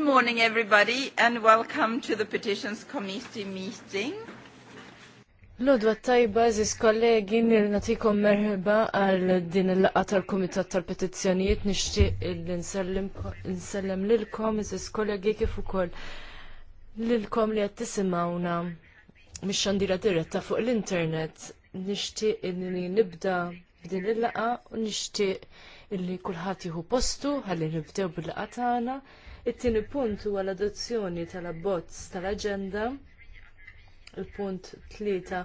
Good morning, everybody, and welcome to the Petitions Committee meeting. Lodwa tajba, ziz kollegi, nil-natikom merħba għal din il-laqqa tal-Komitat tal-Petizzjonijiet, nishtiq il-nsellem lilkom, ziz kollegi kif ukoll lilkom li għattisimawna, tisimawna mix diretta fuq l-internet. Nishtiq li nibda b'din il-laqqa u nishtiq illi kullħat jieħu postu ħalli nibdew bil-laqqa tagħna. It-tieni punt huwa l-adozzjoni tal-abbozz tal-aġenda. Il-punt tlieta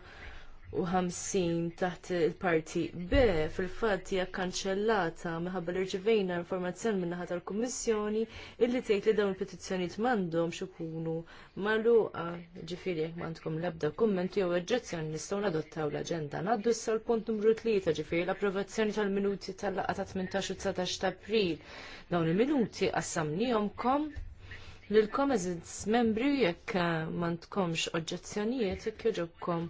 taħt il-parti B fil-fatt hija kkanċellata minħabba li rċivejna informazzjoni minn naħa tal-Kummissjoni illi tgħid li dawn il-petizzjonijiet m'għandhomx ikunu magħluqa, ġifieri jekk m'għandkom l-ebda kumment jew oġġezzjoni nistgħu nadottaw l-aġenda. Ngħaddu issa l-punt numru tlieta ġifieri l-approvazzjoni tal-minuti tal-laqgħa ta' 18 u 19 ta' April. Dawn il-minuti qassamnihomkom Lilkom eżiz membri jekk m'għandkomx oġġezzjonijiet jekk joġobkom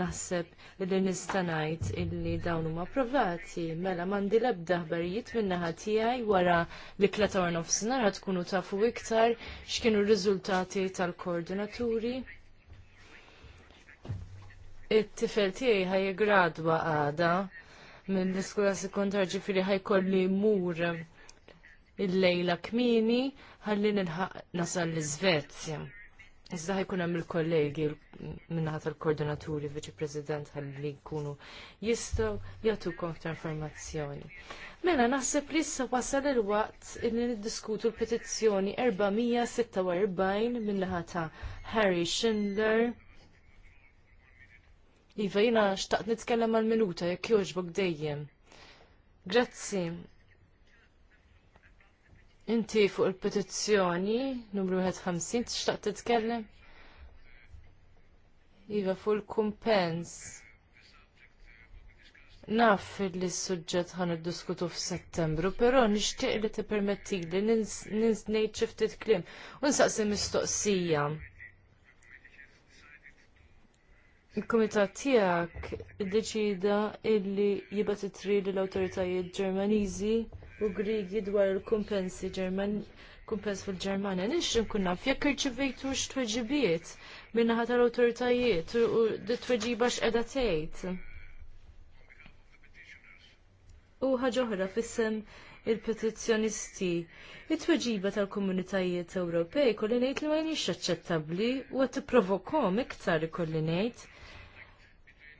naħseb li li nistanajt illi dawn huma provati, mela mandi ebda ħbarijiet min-naħa tiegħi wara li klator nofsinhar ħad tkunu tafu iktar x'kienu r-riżultati tal-koordinaturi. It-tifel tiegħi ħaj gradwa għada mill-iskola sekondarja ġifieri ħajkolli mur il-lejla kmini ħalli nilħaq nasal l iżvezja Iżda ħajkun hemm il-kollegi minnaħa tal-koordinaturi viċi president ħalli jkunu jistgħu jagħtukom aktar informazzjoni. Mela naħseb li issa wasal il-waqt illi niddiskutu l-petizzjoni 446 minnaħa ta' Harry Schindler. Iva jiena xtaqt nitkellem għal minuta jekk jogħġbok dejjem. Grazzi, Inti fuq il-petizzjoni numru 150 tixtaq titkellem? Iva fuq il-kumpens. Naf li s-sujġet ħan id-diskutu f-settembru, pero nishtiq li t-permetti li ninsnejt ċiftit klim. Unsaqsi mistoqsija. Il-komitat tijak id-deċida illi jibat it-tri l-autoritajiet ġermanizi u Grigi dwar il-kumpensi Ġerman kumpens fil-Ġermanja. Nix nkun naf jekk irċivejtu x-tweġibiet minnaħa tal-awtoritajiet u d-tweġiba x'qeda tgħid. U ħaġa oħra fis il-petizzjonisti. It-tweġiba tal-komunitajiet Ewropej kolli ngħid li ma jenix aċċettabbli u qed tipprovokhom iktar ikolli ngħid.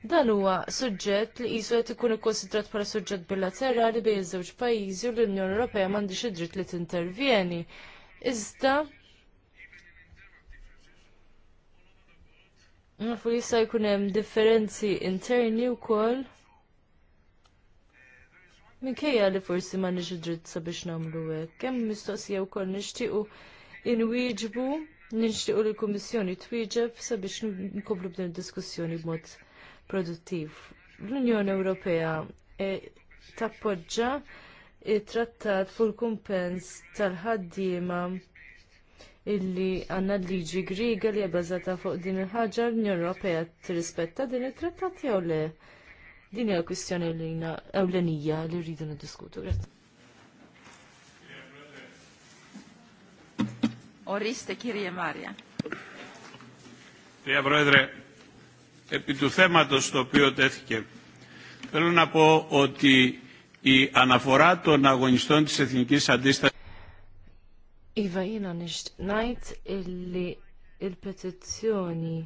Dan huwa suġġett li qisu qed ikun ikkonsidrat bħala suġġett bilaterali bejn iż-żewġ pajjiżi u l-Unjoni Ewropea m'għandix id-dritt li tintervjeni. Iżda Nafu li jista' jkun hemm differenzi interni wkoll. Minkejja li forsi ma nix dritt sabiex nagħmlu hekk. Kemm mistoqsija wkoll nixtiequ inwieġbu, nixtiequ li l-Kummissjoni twieġeb sabiex nkomplu b'din id-diskussjoni b'mod produttiv. L-Unjoni Ewropea e, tappoġġa t trattat fuq il-kumpens tal-ħaddiema illi għandna l-liġi griga li bbażata fuq din il-ħaġa l-Unjoni Ewropea tirrispetta din it-trattat jew le. Din hija kwistjoni ewlenija li rridu niddiskutu. Oriste Kirje Marja. Ja, brödre, επί του θέματος το οποίο τέθηκε. Θέλω να πω ότι η αναφορά των αγωνιστών της Εθνικής Αντίστασης Iva jina nisht najt illi il-petizzjoni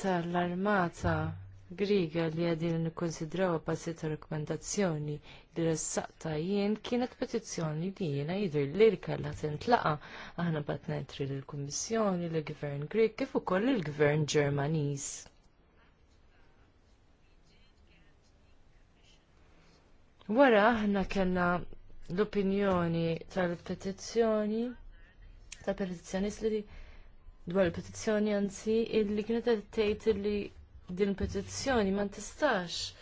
tal-armata griga li għadin nikkonsidraw passi ta' rekomendazzjoni li ris-saqta' jien kienet petizzjoni li jiena jidher li kalla tintlaqa aħna bat nentri l-Kummissjoni, l-Gvern Grik kif ukoll il-Gvern Ġermaniż. Wara aħna kellna l-opinjoni tal-petizzjoni tal-petizzjonist li dwar il-petizzjoni anzi illi kienet qed tgħid li din petizzjoni ma tistax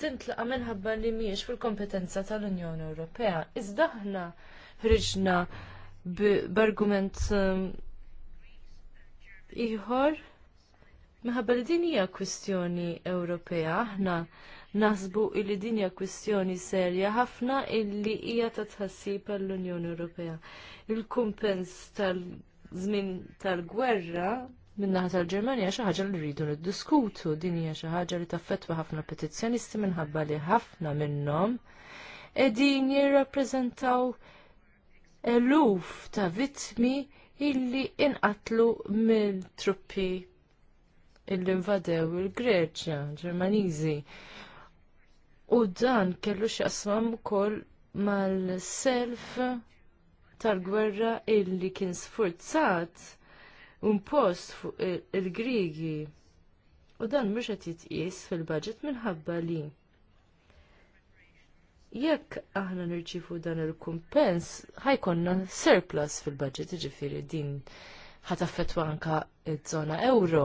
tintlaqa minħabba li mhijiex fil-kompetenza tal-Unjoni Ewropea. Iżda aħna ħriġna b'argument um, ieħor minħabba li din hija kwistjoni Ewropea aħna naħsbu li din hija kwistjoni serja ħafna illi hija ta' tħassib għall-Unjoni Ewropea. Il-kumpens tal żmien tal-gwerra Minn-naħa tal-Ġermanja xi ħaġa li rridu niddiskutu, din hija xi ħaġa li taffettwa ħafna petizzjonisti minħabba li ħafna minnhom qegħdin jirrappreżentaw eluf ta' vittmi illi inqatlu mill-truppi illi invadew il-Greċja, Ġermaniżi. U dan kellu x'jaqsam ukoll mal-self tal-gwerra illi kien sfurzat post fuq il-Grigi. U dan mhux qed jitqies fil-budget minħabba li jekk aħna nirċifu dan il-kumpens ħajkonna surplus fil-budget ġifiri din ħataffetwa anka iż-żona euro.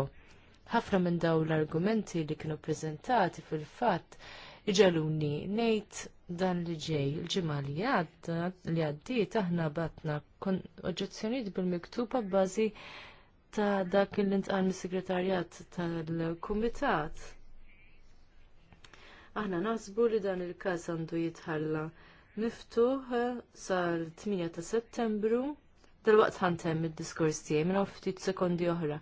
Ħafna minn daw l-argumenti li kienu prezentati fil-fatt iġaluni nejt dan li ġej il-ġimgħa li għadda li għaddiet aħna batna oġġezzjonijiet bil-miktuba bażi ta' dak il intqal mis-segretarjat tal-Kumitat. Aħna naħsbu li dan il-każ għandu jitħalla miftuħ sal-8 ta' Settembru Dal-waqt ħantem id-diskors tiegħi minn ftit sekondi oħra.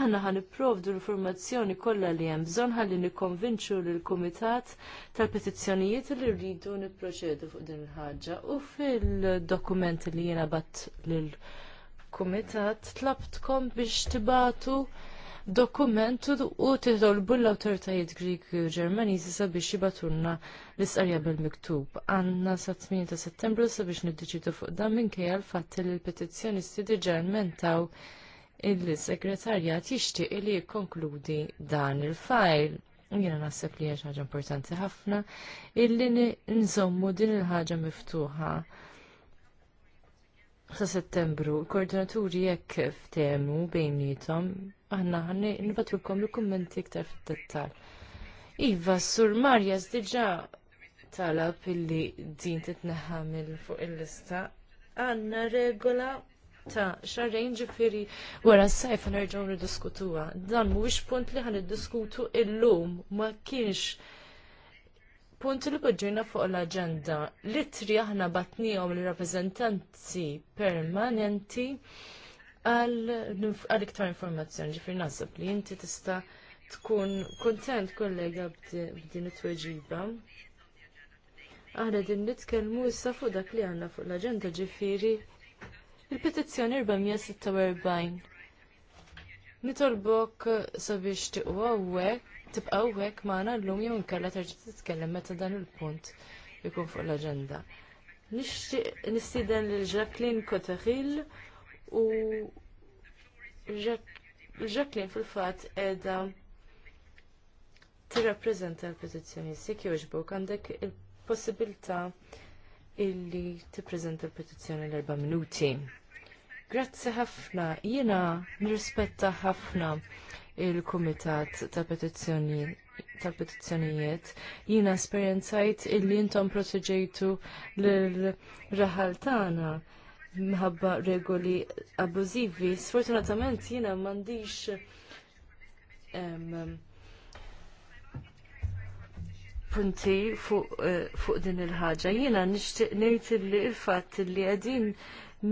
Aħna ħan nipprovdu l-informazzjoni kollha li hemm bżonn ħalli nikkonvinċu l kumitat tal-petizzjonijiet li rridu nipproċedu fuq din il-ħaġa u fil-dokumenti li jiena batt lil kumitat tlabtkom biex tibatu dokumentu u titolbu l-autoritajiet Grik Ġermaniżi sabiex jibatunna l-isqarja bil-miktub. Għanna sa 8 ta' settembru sabiex niddeċidu fuq dan minkejja l-fatt li l-petizzjonisti diġà mentaw il-segretarjat jixtieq li jikkonkludi dan il-fajl. Jiena naħseb li hija ħaġa importanti ħafna illi nżommu din il-ħaġa miftuħa sa' settembru, koordinaturi jekk ftemu bejnietom, aħna ħanni nibatulkom li kummenti iktar fit-dettal. Iva, sur Marjas diġa talab illi din titneħħa minn fuq il-lista. Għanna regola ta' xarrejn ġifiri wara s-sajf nerġaw niddiskutuha. Dan mhuwiex punt li ħan niddiskutu illum ma kienx punti li poġġejna fuq l-agenda. Litri aħna batnijom l-rappresentanti permanenti għal iktar informazzjoni ġifir nasab li inti tista' tkun kontent kollega b'din it-tweġiba. Aħna din nitkellmu issa fuq dak li għandna fuq l-aġenda ġifieri il-petizzjoni 446 Nitolbok sabiex tiqwa għawek, tibqa għawek maħna l-lum jew nkella terġa titkellem meta dan il-punt ikun fuq l-agenda. Nistiden l-Jacqueline Cotteril u Jacqueline fil-fat edha tirrappreżenta l-petizzjoni. Sik jogħġbok għandek il-possibilta illi tippreżenta l-petizzjoni l-erba' minuti. Grazzi ħafna, jiena nirrispetta ħafna il-Kumitat ta' Petizzjoni tal-petizzjonijiet, jiena esperjenzajt illi intom proċeġejtu l-raħal tagħna minħabba regoli abbużivi. Sfortunatament jiena m'għandix punti eh, fuq din il-ħaġa. Jiena nixtieq ngħid li l-fatt li qegħdin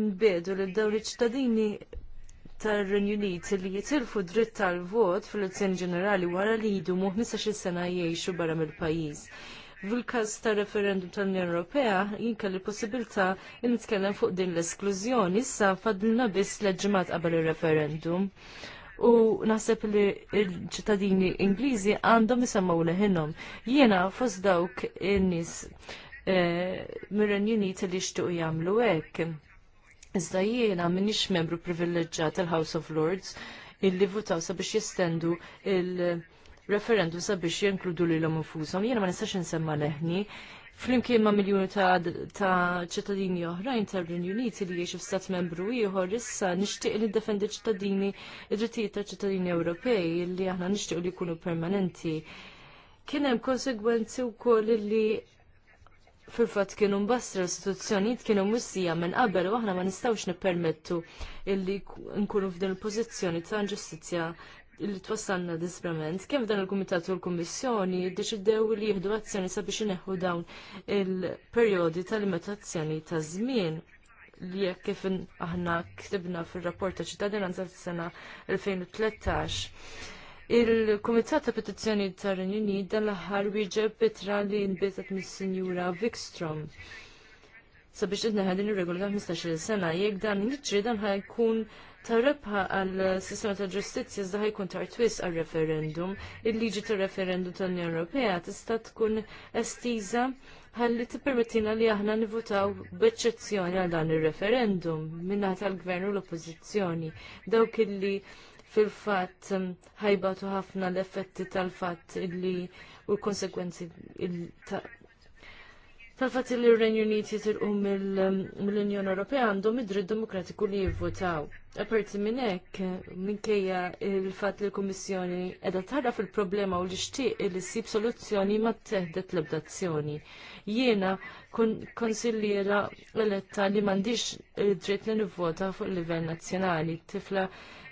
nbiedu li dawn iċ-ċittadini tar-Renju Unit li jitilfu dritt tal-vot fil-elezzjoni ġenerali wara li jidu mu 15 sena jgħixu barra mill-pajjiż. Fil-każ tar referendum tal-Unjoni Ewropea jinka li possibilità li nitkellem fuq din l-esklużjoni issa fadlna biss l qabel ir-referendum. U naħseb li l-ċittadini Ingliżi għandhom isemmaw leħinhom. Jiena fost dawk in-nies eh, mir-Renju Unit li xtuq jagħmlu hekk Iżda jiena minix membru privileġġjat tal-House of Lords illi votaw sabiex jistendu il-referendum sabiex jinkludu li l-om infusom. Jiena ma nistax insemma leħni. Flimkien ma' miljoni ta' ċittadini oħrajn tar renju Uniti li jiexu stat membru ieħor issa nixtieq li defendi ċittadini id-drittijiet ta' ċittadini Ewropej li aħna nixtieq li jkunu permanenti. Kien hemm konsegwenzi wkoll li fil-fat kienu mbastra l istituzzjoniet kienu mwissija minn qabel u aħna ma nistawx nippermettu illi nkunu f'din il-pożizzjoni ta' ġustizja illi twassalna disprament. Kemm dan il-Kumitat u l-Kummissjoni deċidew li jieħdu azzjoni sabiex ineħħu dawn il periodi ta' limitazzjoni ta' żmien li jekk kif aħna ktibna fil-rapport ta' ċittadinanza tas sena 2013 Il-Kumitat ta' Petizzjoni tar-Renju dan l-aħħar wieġeb bitra li nbietet mis-Sinjura Vikstrom sabiex idneħed din ir-regola ta' 15 sena jekk dan jiġri dan ħajkun rebħa għal sistema ta' ġustizzja iżda ħajkun twis għal referendum. Il-liġi ta' referendum tal-Unjoni Ewropea tista' tkun estiża ħalli tippermettina li aħna nivutaw b'eċċezzjoni għal dan ir-referendum minna tal-gvern u l-oppożizzjoni. Dawk illi fil-fatt mm, ħajbatu ħafna l-effetti tal-fatt illi u l-konsekwenzi tal-fatt illi r-Renju Uniti tilqu mm, mill-Unjoni Ewropea għandhom id-dritt demokratiku li jivvotaw. Aperti minn hekk minkejja il-fatt li l-Kummissjoni qiegħda tara fil-problema u l-ixtieq li ssib soluzzjoni ma teħdet l-abdazzjoni jiena konsiljera eletta li m'għandix eh, dritt li nivvota fuq il-livell nazzjonali. Tifla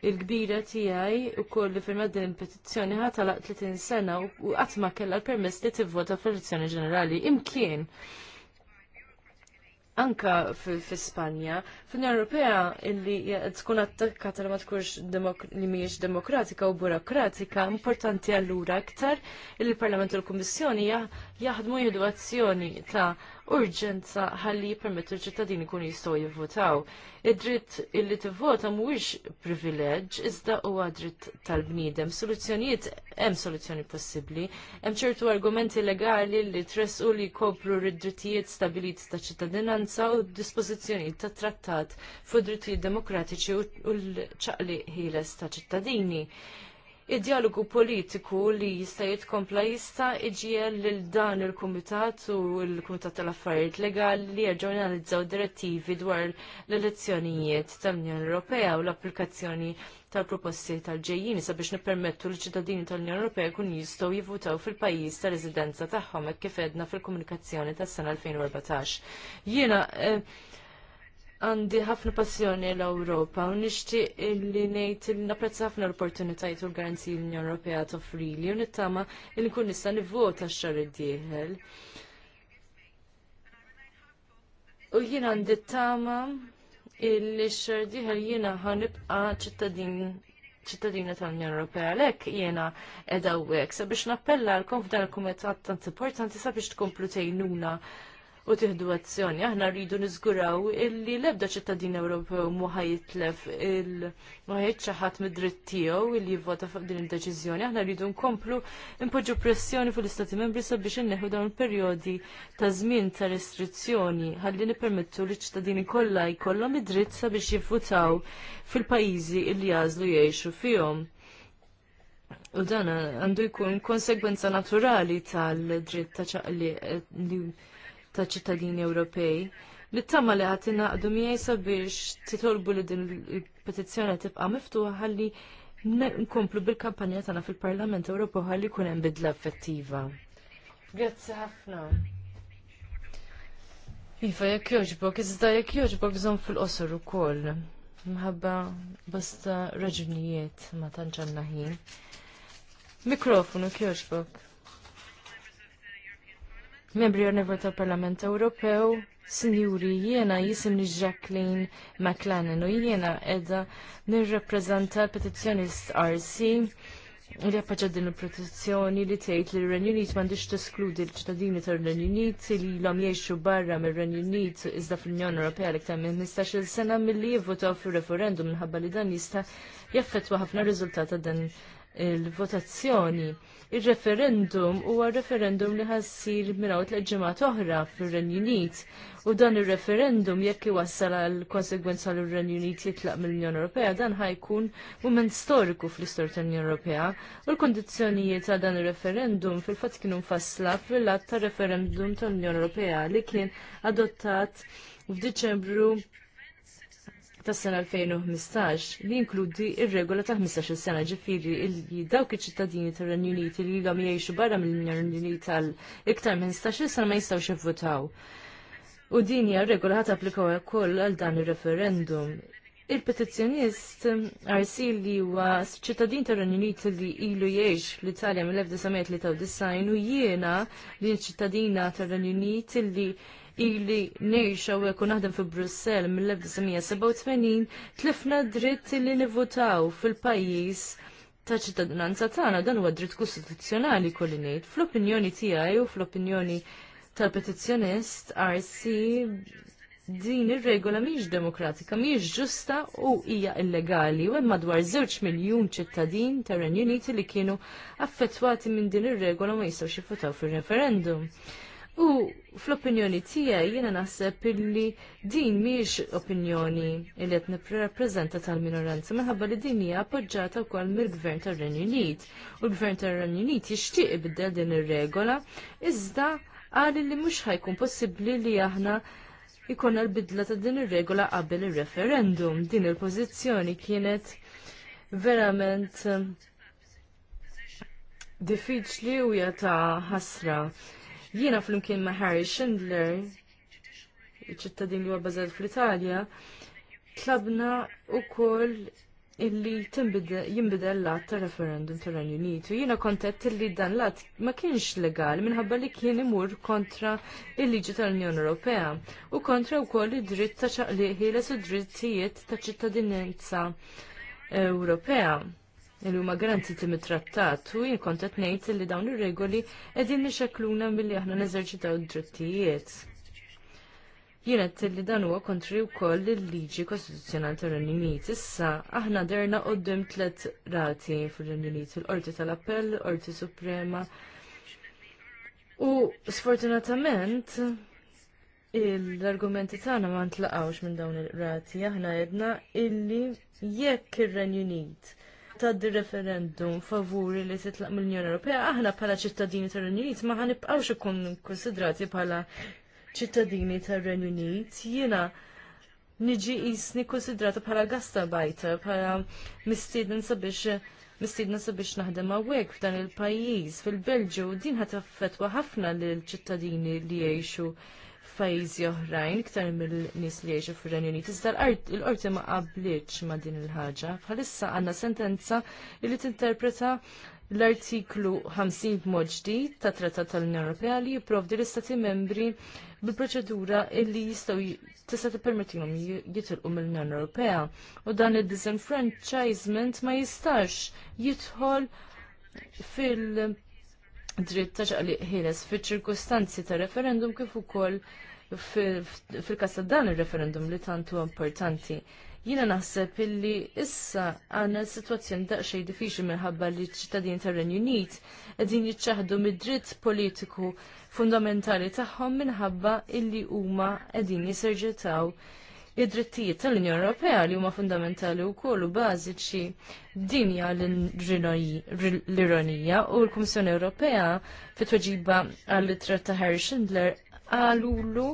il-kbira tiegħi koll li firma din il-petizzjoni ħatalaq 30 sena u qatt ma kellha l-permess li tivvota fl-elezzjoni ġenerali. Imkien anka fil-Spanja, fil-Unjoni Ewropea illi tkun attakkata li ma tkunx li mhijiex demokratika u burokratika, importanti allura aktar il-Parlament u l-Kummissjoni jaħdmu jihdu azzjoni ta' urġenza ħalli jippermettu l-ċittadini kun jistgħu jivvotaw. Id-dritt illi tivvota mhuwiex privileġġ iżda huwa dritt tal-bniedem. Soluzzjonijiet hemm soluzzjoni possibbli, hemm ċertu argumenti legali li tressu li kopru rid-drittijiet stabiliti ta' ċittadinanza u dispożizzjonijiet ta' trattat fuq drittijiet demokratiċi u l-ċaqli ħieles ta' ċittadini id-dialogu politiku li jista' jitkompla jista' iġiel lil dan il-Kumitat u l-Kumitat tal-Affarijiet Legali li jerġgħu direttivi dwar l-elezzjonijiet tal-Unjoni Ewropea u l-applikazzjoni tal-proposti tal-ġejjini sabiex nippermettu liċ ċittadini tal-Unjoni Ewropea kun jistgħu jivvutaw fil-pajjiż ta' residenza tagħhom hekk kif edna fil-komunikazzjoni tas-sena 2014. Jiena eh, għandi ħafna passjoni l-Ewropa u nixtieq illi ngħid li napprezza ħafna l-opportunitajiet u l-garanziji l-Unjoni Ewropea li u nittama li nkun nista' nivvota x-xahar id-dieħel. U jien għandi tama illi x-xahar dieħel jiena ħanibqa' ċittadin ċittadina tal-Unjoni Ewropea lek jiena edha u sabiex nappella l f'dan il-kumitat tant importanti sabiex tkomplu tgħinuna u tiħdu azzjoni. Aħna rridu niżguraw illi l-ebda ċittadin Ewropew muħa jitlef il-muħajt ċaħat mid-dritt tiegħu illi jivvota fuq din id-deċiżjoni. Aħna rridu nkomplu impoġġu pressjoni fuq l-Istati Membri sabiex inneħu dawn il-perjodi ta' żmien ta' restrizzjoni ħalli nippermettu li ċittadini kollha jkollhom id-dritt sabiex jivvutaw fil-pajjiżi illi jażlu jgħixu fihom. U dan għandu jkun konsegwenza naturali tal-dritt ta' ċaqli li ta' ċittadini Ewropej. Nittama li għati naqdu miegħi sabiex titolbu li din il-petizzjoni tibqa' miftuħa ħalli nkomplu bil-kampanja tagħna fil-Parlament Ewropew ħalli jkun hemm bidla effettiva. Grazzi ħafna. Iva, jekk jogħġbok, iżda jekk jogħġbok bżonn fil-qosor ukoll. Mħabba basta raġunijiet ma tanġanna ħin. Mikrofonu kjoġbok. Membri onorevoli tal-Parlament Ewropew, Sinjuri, jiena jisimni Jacqueline McLennan u jiena edha nirrappreżenta l RC li appoġġa din il-protezzjoni li tgħid li r-Renju Unit m'għandix teskludi l-ċittadini tar-Renju Unit li ilhom jgħixu barra mir-Renju Unit iżda fl-Unjoni Ewropea li iktar minn 15-il sena milli jivvotaw fir-referendum minħabba li dan jista' jaffettwa ħafna riżultat ta' dan il-votazzjoni. Il-referendum huwa referendum li ħassir miraw tleġġimat oħra fir-Renju Unit u dan ir-referendum jekk iwassal għal konsegwenza l renju Unit jitlaq mill-Unjoni Ewropea dan ħajkun mument storiku fl-istorja tal-Unjoni Ewropea u l-kondizzjonijiet ta' dan ir-referendum fil-fatt kienu mfassla fil-att ta' referendum tal-Unjoni Ewropea li kien adottat f'Diċembru tas-sena 2015 li jinkludi ir-regola ta' 15 sena ġifiri li dawk iċ-ċittadini tar-Renju Uniti li l-għom jgħixu barra mill-Unjoni Unita iktar minn 16 sena ma jistgħux jivvotaw. U din hija regola ħadd applikaw ukoll għal dan ir-referendum. Il-petizzjonist arsi li huwa ċittadin tar Uniti li ilu jgħix l-Italja mill-1993 u jiena li ċittadina tar Uniti li ili nejxa u jekun naħdem fi Brussel mill-1987 tlifna dritt li nivutaw fil-pajis ta' ċittadinanza tagħna dan huwa dritt kostituzzjonali kolli ngħid. Fl-opinjoni tiegħi u fl-opinjoni tal-petizzjonist RC din ir-regola mhijiex demokratika, mhijiex ġusta u hija illegali u hemm madwar żewġ miljun ċittadin tar-Renju Uniti li kienu affettwati minn din ir-regola ma jistgħux jifutaw fir-referendum. U fl-opinjoni tiegħi jiena naħseb illi din mhijiex opinjoni li qed nippreżenta tal-minoranza minħabba li din hija appoġġata wkoll mill-Gvern tar-Renju Unit. U l-Gvern tar-Renju Unit jixtieq biddel din ir-regola iżda qal li mhux ħajkun possibbli li aħna ikonna l-bidla ta' din ir-regola qabel ir-referendum. Din il-pożizzjoni kienet verament diffiċli u jata ħasra Jiena flimkien ma' Harry Schindler, ċittadin li huwa bażat fl-Italja, tlabna wkoll illi jimbidel l-att ta' referendum ta' Renju Unitu. Jiena kontet illi dan l-att ma kienx legali minħabba li kien imur kontra il-liġi tal-Unjoni Ewropea u kontra wkoll id-dritt ta' ċaqliħi l drittijiet ta' ċittadinanza Ewropea li huma garantiti mit-trattat u jien kont qed ngħid li dawn ir-regoli qegħdin nixekluna milli aħna neżerċitaw id-drittijiet. Jien qed li dan huwa kontri wkoll il-liġi kostituzzjonali tar-Renju Unit. Issa aħna derna qudiem tliet rati fir-Renju Unit, il-Qorti tal-Appell, Qorti Suprema. U sfortunatament l-argumenti tagħna ma ntlaqgħux minn dawn il-rati, aħna jedna illi jekk ir-Renju Unit ta' di referendum favuri li titlaq mill-Unjoni Ewropea, aħna bħala ċittadini tar renju Unit ma ħanibqgħux ikun konsidrati bħala ċittadini tar renju Unit. Jiena niġi jisni konsidrata bħala gastabajta, bħala mistiedna sabiex mistiedna sabiex naħdem għawek f'dan il-pajjiż, fil-Belġu, din ħat affetwa ħafna lil ċittadini li jgħixu pajjiżi oħrajn iktar mill-nies li jgħixu fir-Renju Unit. Iżda l-qorti ma qablitx ma' din il-ħaġa. Bħalissa għandna sentenza li tinterpreta l-artiklu 50 b'mod ġdid ta' Trattat tal-Unjoni Ewropea li jipprovdi l-Istati membri bil-proċedura li jistgħu tista' tippermettihom jitilqu mill-Unjoni Ewropea. U dan il-disenfranchisement ma jistax jidħol fil- dritt ta' ċaqliq ħieles fiċ ċirkustanzi ta' referendum kif ukoll fil-kassa dan il-referendum li tantu importanti. Jina naħseb illi issa għanna situazzjoni daqxej diffiċli minħabba li ċittadin tar renju Unit qegħdin jiċċaħdu mid-dritt politiku fundamentali tagħhom minħabba illi huma qegħdin jiserġetaw id-drittijiet tal-Unjoni Ewropea li huma fundamentali wkoll u bażiċi dinja l-ironija u l-Kummissjoni Ewropea fit-tweġiba għall-ittra ta' Harry Schindler għalulu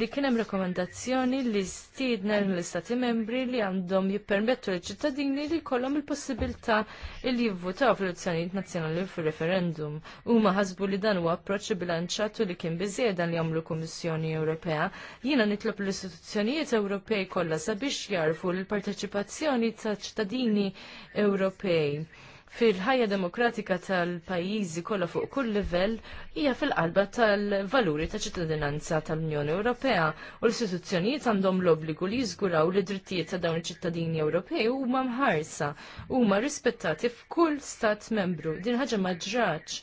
li kien hemm rekomendazzjoni li stidna l-Istati membri li għandhom jippermettu l-ċittadini li kollom il-possibilità li jivvutaw fl-elezzjonijiet nazzjonali fil-referendum. Huma ħasbu li dan huwa approċċ bilanċatu li kien biżjedan li għamlu Kummissjoni Ewropea. Jiena nitlob l-istituzzjonijiet Ewropej kollha sabiex jarfu l-parteċipazzjoni ta' ċittadini Ewropej fil-ħajja demokratika tal-pajjiżi kollha fuq kull livell hija fil-qalba tal-valuri ta' ċittadinanza tal-Unjoni Ewropea u l-istituzzjonijiet għandhom l-obbligu li jiżguraw li drittijiet ta' dawn iċ-ċittadini Ewropej huma mħarsa huma rispettati f'kull stat membru. Din ħaġa ma ġraġ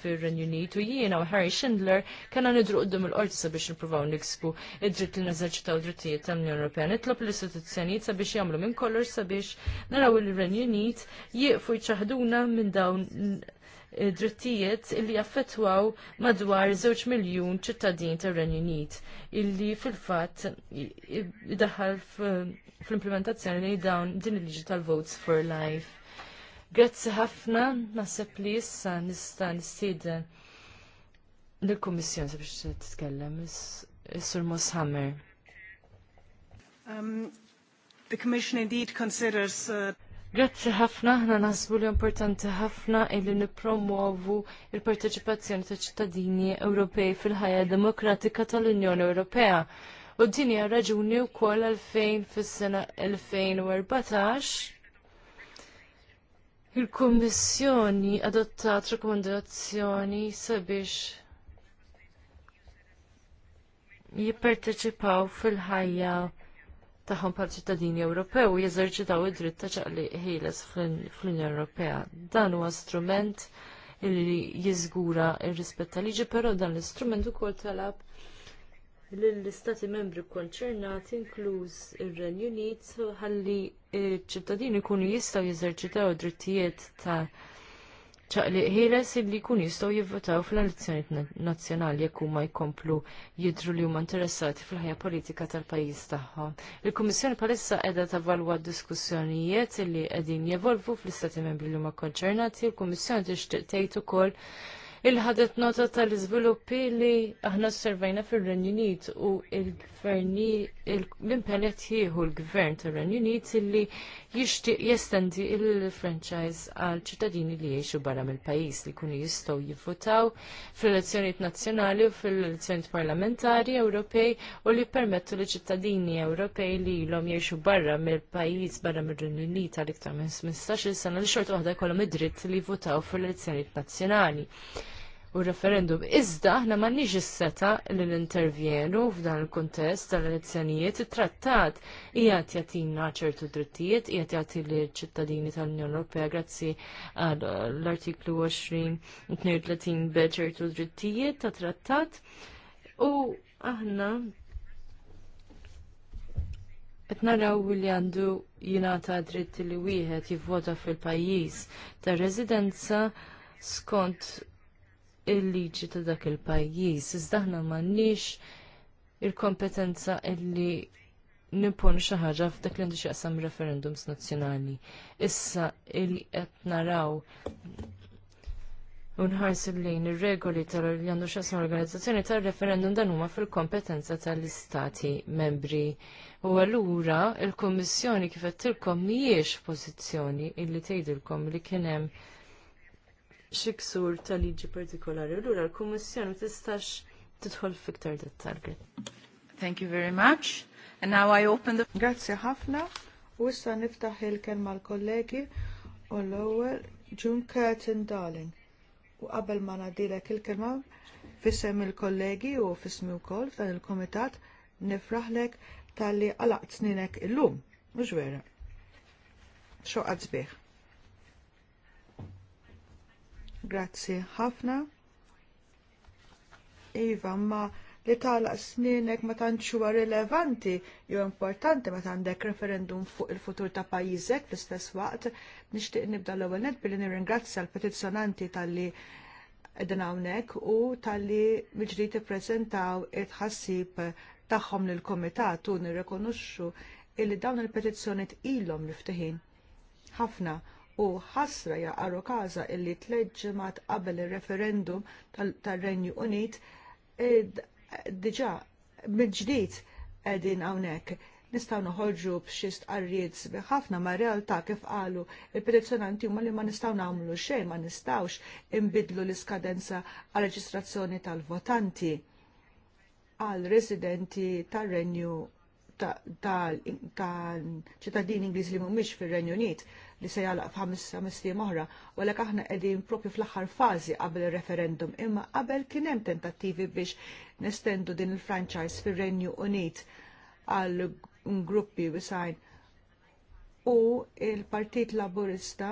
fir-Renju Unit u jiena u Harry Schindler kellna nidru qudiem il-qorti sabiex nippruvaw niksbu id-dritt li neżerċitaw drittijiet tal-Unjoni Ewropea. Nitlob l-istituzzjonijiet sabiex jagħmlu minn kollox sabiex naraw il-Renju Unit jieqfu ħduna minn dawn drittijiet illi jaffettwaw madwar 2 miljun ċittadin tar renju Unit illi fil-fatt daħal fl-implementazzjoni dawn din il-liġi tal-Votes for Life. Grazzi ħafna, naħseb li issa nista' nistieden lill-Kummissjoni sabiex titkellem is-Sur Moshammer. Um, the Commission indeed considers uh... Grazzi ħafna, ħna nasbu li importanti ħafna illi nipromuovu il-parteċipazzjoni ta' ċittadini Ewropej fil-ħajja demokratika tal-Unjoni Ewropea. U din hija raġuni wkoll għalfejn fis-sena 2014 il-Kummissjoni adottat rekomendazzjoni sabiex jipparteċipaw fil-ħajja tagħhom bħal ċittadini Ewropew jeżerċitaw id-dritt ta' ċaqli ħieles fl-Unjoni Ewropea. Dan huwa strument li jiżgura r rispett tal-liġi, però dan l-istrument ukoll talab lill-istati membri konċernati inkluż ir-Renju Unit ħalli ċ-ċittadini jkunu jistgħu jeżerċitaw id-drittijiet ta' ċaqli ħires li jkun jistgħu jivvotaw fl elezzjoni nazzjonali jekk huma jkomplu jidru li huma interessati fil-ħajja politika tal-pajjiż tagħhom. Il-Kummissjoni palissa qiegħda tavalwa diskussjonijiet li qegħdin jevolvu fl-Istati Membri li huma konċernati, il-Kummissjoni tixtieq tgħid ukoll il-ħadet nota tal-izviluppi li aħna s-servajna fil-Renju Unit u l impenet jieħu l-gvern tal-Renju li jixtieq jestendi il-franchise għal ċittadini li jiexu barra mill-pajis li kunu jistgħu jivvotaw fil-elezzjonijiet nazzjonali u fil-elezzjonijiet parlamentari Ewropej u li permettu li ċittadini Ewropej li l-om jiexu barra mill-pajis barra mill renjunit għal iktar minn 15 sena li xortu waħda jkollhom id-dritt li jivvotaw fil-elezzjonijiet nazzjonali u referendum. Iżda aħna nix is-seta li nintervjenu f'dan il-kuntest tal-elezzjonijiet, it-trattat qiegħed jagħtina ċertu drittijiet, qiegħed jagħti lill-ċittadini tal-Unjoni Ewropea grazzi għall-artiklu 20-32 beċertu ċertu drittijiet ta' trattat. U aħna Et naraw li għandu jinata dritt li wieħed jivvota fil-pajjiż ta' residenza skont il-liġi ta' dak il-pajjiż. Iżda aħna m'għandniex il-kompetenza illi nimponu xi ħaġa f'dak li għandu x'jaqsam referendums nazzjonali. Issa illi qed naraw unħarsu lejn ir-regoli tal li għandu x'jaqsam organizzazzjoni tar-referendum dan huma fil-kompetenza tal-istati membri. U allura il-Kummissjoni kif qed tilkom mhijiex pożizzjoni illi tgħidilkom li kien hemm xi ksur ta' liġi partikolari. Lura l-Kummissjoni tistax tidħol fiktar dettalji. Thank you very much. And now I open the Grazzi ħafna. U issa niftaħ il-kelma l-kollegi u l-ewwel June Curtin Darling. U qabel ma ngħadilek il-kelma fissem il-kollegi u fismi wkoll f'dan il-kumitat nifraħlek talli qalaqt sninek illum, mhux vera. Xoqgħod sbieħ. Grazzi ħafna. Iva, ma li tala snienek ma tanċuwa huwa rilevanti jew importanti meta għandek referendum fuq il-futur ta' pajjiżek fl-istess waqt, nixtieq nibda l-ewwel net billi nirringrazzja l-petizzjonanti talli qegħdin hawnhekk u talli miġrid ippreżentaw it-ħassib tagħhom lill komitat u nirrekonoxxu illi dawn il-petizzjoni ilhom miftuħin. Ħafna u ħasra jaqaru kaza illi tleġġimat qabel il-referendum tal-Renju Unit e, diġa mil-ġdid edin għawnek. Nistaw noħorġu b'xi stqarrijiet ħafna ma' realtà kif qalu il-petizzjonanti huma li ma nistgħu nagħmlu xejn ma nistgħux imbidlu l-iskadenza għal reġistrazzjoni tal-votanti għal residenti tar-Renju tal-ċittadini ta, ta, ta Ingliż li mhumiex fir-Renju Unit li se jalaq f'ħames tim oħra, u għalhekk aħna qegħdin propju fl-aħħar fażi qabel ir-referendum, imma qabel kien hemm tentattivi biex nestendu din il-franchise fir-Renju Unit għal gruppi wisajn. U il-Partit Laburista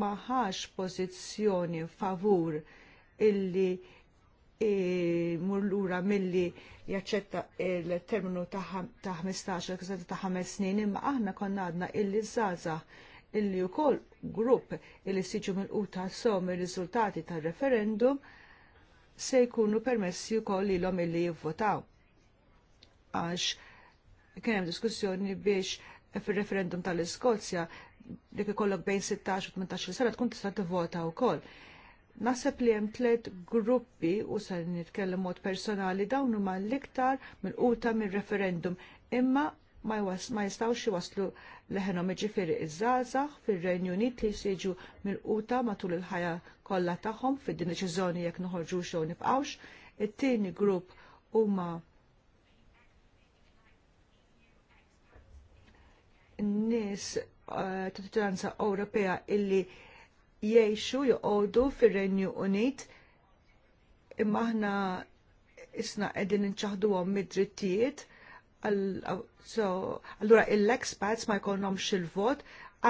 ma ħax pożizzjoni favur illi mur lura milli jaċċetta il-terminu ta' 15 ta' 5 snin imma aħna konna għadna illi zaza illi wkoll grupp illi siġu mill uta som ir-riżultati tar-referendum se jkunu permessi wkoll ilhom illi jivvotaw. Għax kien hemm diskussjoni biex fir-referendum tal-Iskozja dik ikollok bejn 16 u 18 sena tkun tista' tivvota wkoll. Naħseb li hemm tliet gruppi u se nitkellem mod personali dawn huma l-iktar mill-quta mir-referendum imma ma jistawx jwaslu leħenom iġifiri iż-żgħażagħ fir-Renju Unit li jsiġu mill-quta matul il-ħajja kollha tagħhom fid-din deċiżjoni jekk noħorġu xew nibqgħux. It-tieni grupp huma n nies eh, ta' titolanza Ewropea illi jgħixu joqogħdu fir-Renju Unit imma aħna isna qegħdin inċaħduhom mid-drittijiet allura l-expats ma jkollhomx il-vot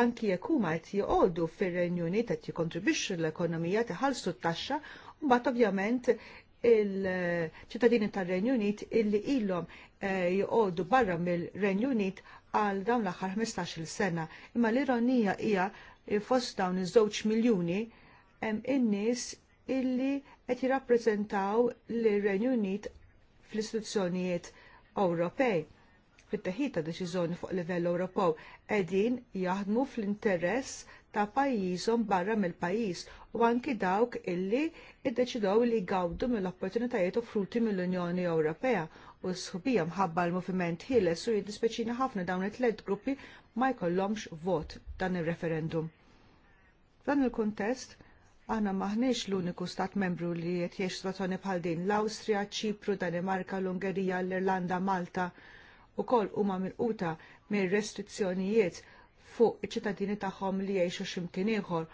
anki jekk huma qed joqogħdu fir-Renju Unit qed jikkontribixxu l-ekonomija tiħallsu t-taxxa, mbagħad ovvjament il-ċittadini tar-Renju Unit illi ilhom eh, joqogħdu barra mill-Renju Unit għal dawn l-aħħar 15-il sena. Imma l-ironija hija eh, fost dawn iż-żewġ miljuni hemm in-nies illi qed jirrappreżentaw lir renju Unit fl-istituzzjonijiet Ewropej fit-teħid ta' deċiżjoni fuq livell Ewropew qegħdin jaħdmu fl-interess ta' pajjiżhom barra mill-pajjiż u anki dawk illi iddeċidew li jgawdu mill-opportunitajiet offruti mill-Unjoni Ewropea u s-sħubija mħabba l-moviment ħieles u jiddispeċina ħafna dawn it-tlet gruppi ma jkollhomx vot dan ir-referendum. Dan il-kuntest, Għana maħniex l-uniku stat membru li qed jiex situazzjoni bħal din. L-Awstrija, Ċipru, Danimarka, l-Ungerija, l-Irlanda, Malta ukoll huma milquta minn restrizzjonijiet fuq iċ-ċittadini tagħhom li jgħixu x'imkien ieħor.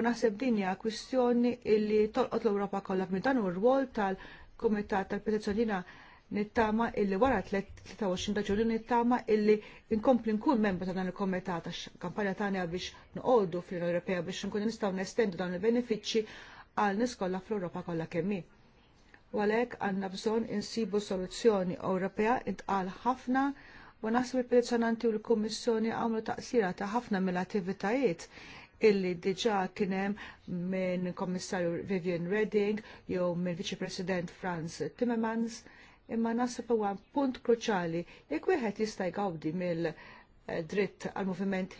U naħseb din hija kwistjoni li tolqot l-Ewropa kollha minn dan u rwol tal-Kumitat tal-Petizzjonina nittama illi wara 23 ta' ġurju nittama illi inkompli nkun membru ta' dan il-komitat ta' kampanja tagħna biex noqogħdu fl-Unjoni Ewropea biex nkun nistgħu nestendu dawn il-benefiċċji għal nies kollha fl-Ewropa kollha kemm hi. U għalhekk għandna bżonn insibu soluzzjoni Ewropea intqal ħafna u naħseb il-petizzjonanti u l-Kummissjoni għamlu taqsira ta' ħafna mill-attivitajiet illi diġa kienem minn Komissarju Vivian Redding jew minn Viċi President Franz Timmermans imma nasib huwa punt kruċali jekk wieħed jista' jgawdi mill-dritt għal moviment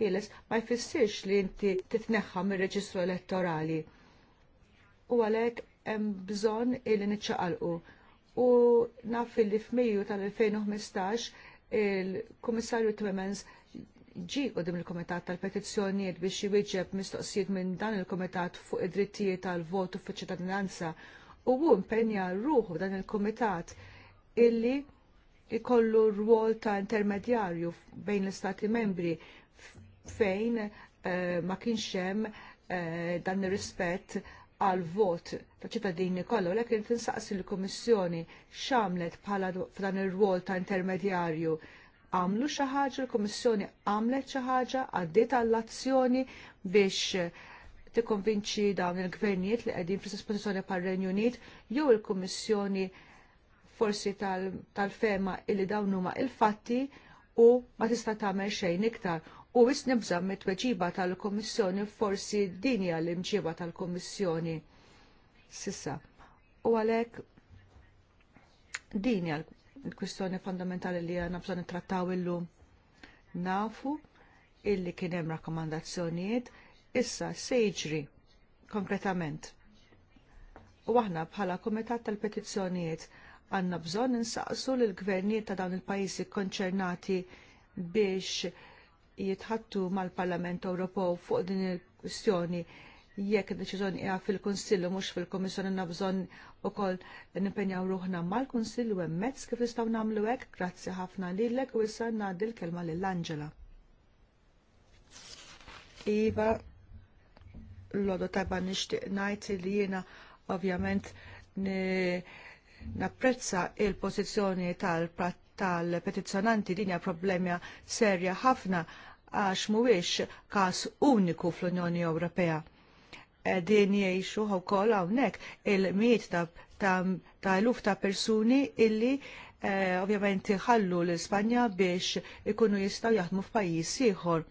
ħieles ma jfissirx li inti titneħħa mir-reġistru elettorali. U għalhekk hemm bżonn illi niċċaqalqu. U naf li f'Mejju tal-2015 il-Kummissarju Timmermans ġi qudiem il-Komitat tal-Petizzjonijiet biex jwieġeb mistoqsijiet minn dan il-Komitat fuq id-drittijiet tal-votu fiċ ċittadinanza u hu impenja rruħu dan il-Kumitat illi ikollu rwol ta' intermedjarju bejn l-Istati membri fejn eh, ma kienx hemm eh, dan ir-rispett għal vot ta' ċittadini kollu, lekin tinsaqsi l-Komissjoni xamlet bħala f'dan ir-rwol ta' intermedjarju. Għamlu xi ħaġa, l-Komissjoni għamlet xi ħaġa, għaddiet għall-azzjoni biex tikkonvinċi dawn il-gvernijiet li qegħdin fl-istess pożizzjoni par-Renju Unit jew il-Kummissjoni forsi tal-fema tal illi dawn huma il-fatti u ma tista' tagħmel xejn iktar. U wis nibżam mit-tweġiba tal-Kummissjoni forsi din hija l-imġiba tal-Kummissjoni sissa. U għalhekk din hija l-kwistjoni fondamentali li għandna bżonn nittrattaw illum. Nafu illi kien hemm rakkomandazzjonijiet Issa se jiġri konkretament. U aħna bħala Kumitat tal-Petizzjonijiet għandna bżonn insaqsu lill gvernijiet ta' dawn il-pajjiżi konċernati biex jitħattu mal-Parlament Ewropew fuq din il-kwistjoni jekk id deċiżjoni hija fil kunsill u mhux fil-Kummissjoni għandna bżonn ukoll nimpenjaw ruħna mal kunsill hemm mezz kif nistgħu nagħmlu hekk. Grazzi ħafna lilek u issa ngħaddi l-kelma lill Angela. Iva, l-għodu tajba nishtiq najt li jena ovvjament napprezza il-pozizjoni tal-petizjonanti dinja problemja serja ħafna għax mhuwiex każ uniku fl-Unjoni Ewropea. Din jgħixu wkoll hawnhekk il-miet ta' eluf ta' persuni illi eh, ovvjament ħallu l-Ispanja biex ikunu jistgħu jaħdmu f'pajjiż ieħor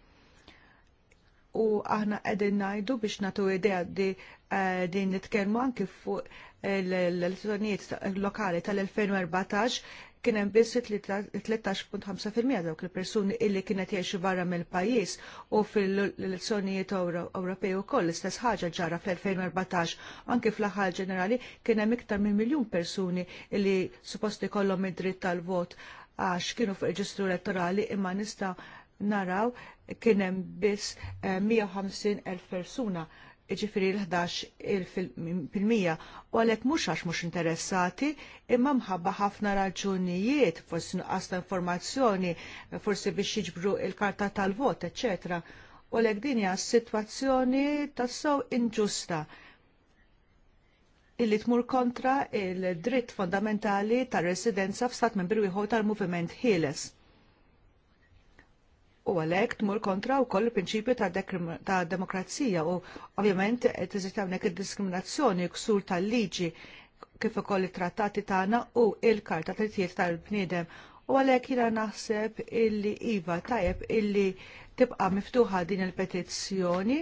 u aħna qegħdin ngħidu biex nagħtu idea di eh, din nitkellmu anke fuq l-elezzjonijiet lokali tal-2014 kien hemm biss 13.5% dawk il-persuni illi kienet jgħixu barra mill-pajjiż u fil-elezzjonijiet Ewropej ukoll l-istess ħaġa ġara fl-2014 anke fl-aħħar ġenerali kien hemm iktar minn miljun persuni illi suposti ikollhom id-dritt tal-vot għax kienu fuq reġistru elettorali imma nista' naraw kien hemm biss 150,000 eh, persuna ġifiri l-11% u għalek mux għax mux interessati imma mħabba ħafna raġunijiet forsi nuqqasta informazzjoni forsi biex jiġbru il-karta tal-vot etc. U għalek din hija situazzjoni tassew inġusta illi tmur kontra il-dritt fondamentali tal-residenza f'stat membri wieħed tal-Movement Ħieles u għalhekk tmur kontra wkoll il-prinċipju ta', ta demokrazija u ovvjament tiżit hawnhekk id-diskriminazzjoni ksur tal-liġi kif ukoll it-trattati tagħna u il-karta trittijiet tal-bniedem u għalhekk jiena naħseb illi iva tajjeb illi tibqa' miftuħa din il-petizzjoni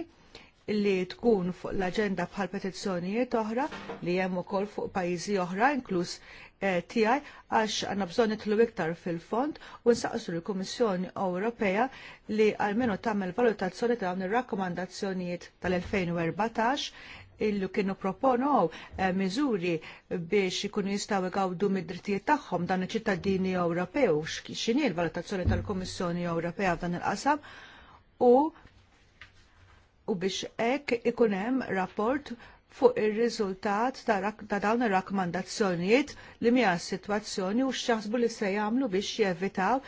li tkun fuq l-agenda bħal petizzjonijiet oħra li hemm ukoll fuq pajjiżi oħra inkluż eh, tiegħi għax għandna bżonn nitlu iktar fil-fond u nsaqsu l-Kummissjoni Ewropea li għalmenu tagħmel valutazzjoni ta' dawn ir-rakkomandazzjonijiet tal-2014 illu kienu proponow eh, miżuri biex ikunu jistaw għawdu mid-drittijiet tagħhom dan iċ-ċittadini Ewropew x'inhi l-valutazzjoni tal-Kummissjoni Ewropea f'dan il-qasam u u biex hekk ikun hemm rapport fuq ir-riżultat ta' dawn ir-rakkomandazzjonijiet li mija s-sitwazzjoni u x'jaħsbu li se jagħmlu biex jevitaw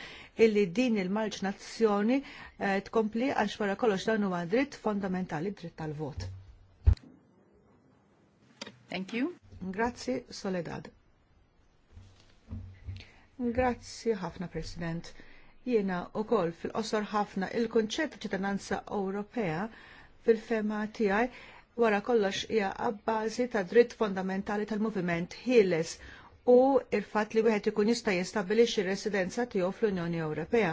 illi din il-marġinazzjoni eh, tkompli għax wara kollox dan huwa dritt fondamentali dritt tal-vot. Thank you. Grazzi, Soledad. Grazzi ħafna, President. Jiena u fil-qosor ħafna il-konċett ċittadinanza Ewropea fil-fema tiegħi wara kollox hija abbażi ta' dritt fondamentali tal-moviment ħieles u il-fatt li wieħed ikun jista' jistabbilixxi residenza tiegħu fl-Unjoni Ewropea.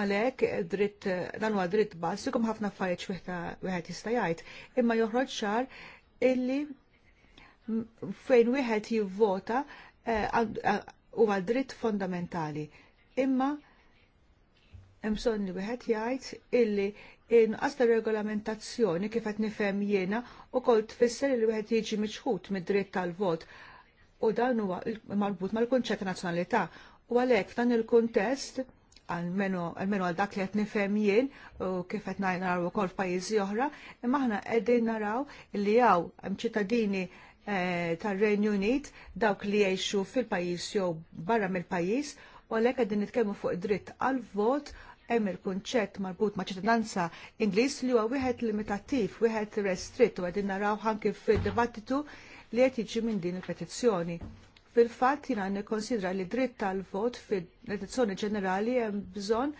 Għalhekk dritt dan huwa dritt bażiku ħafna affarijiet wieħed jista' jgħid, imma joħroġ xar illi fejn wieħed jivvota eh, huwa dritt fondamentali. Imma hemm li wieħed jgħid illi inqas ta' regolamentazzjoni kif qed nifhem jiena ukoll tfisser li wieħed jiġi miċħud mid-dritt tal-vot u dan huwa marbut mal-kunċett nazzjonalità u għalhekk f'dan il-kuntest għalmenu għal dak li qed nifhem jien u kif qed naraw ukoll f'pajjiżi oħra, imma aħna qegħdin naraw li hawn hemm ċittadini eh, tar-Renju Unit dawk li jgħixu fil-pajjiż jew barra mill-pajjiż u għalhekk qegħdin nitkellmu fuq id dritt għal vot hemm il-kunċett marbut ma' ċittadanza Ingliż li huwa wieħed limitattiv, wieħed restritt u għedin naraw anke fid-dibattitu li qed jiġi minn din il-petizzjoni. Fil-fatt jiena nikkonsidra li dritt tal-vot fil-petizzjoni ġenerali hemm bżonn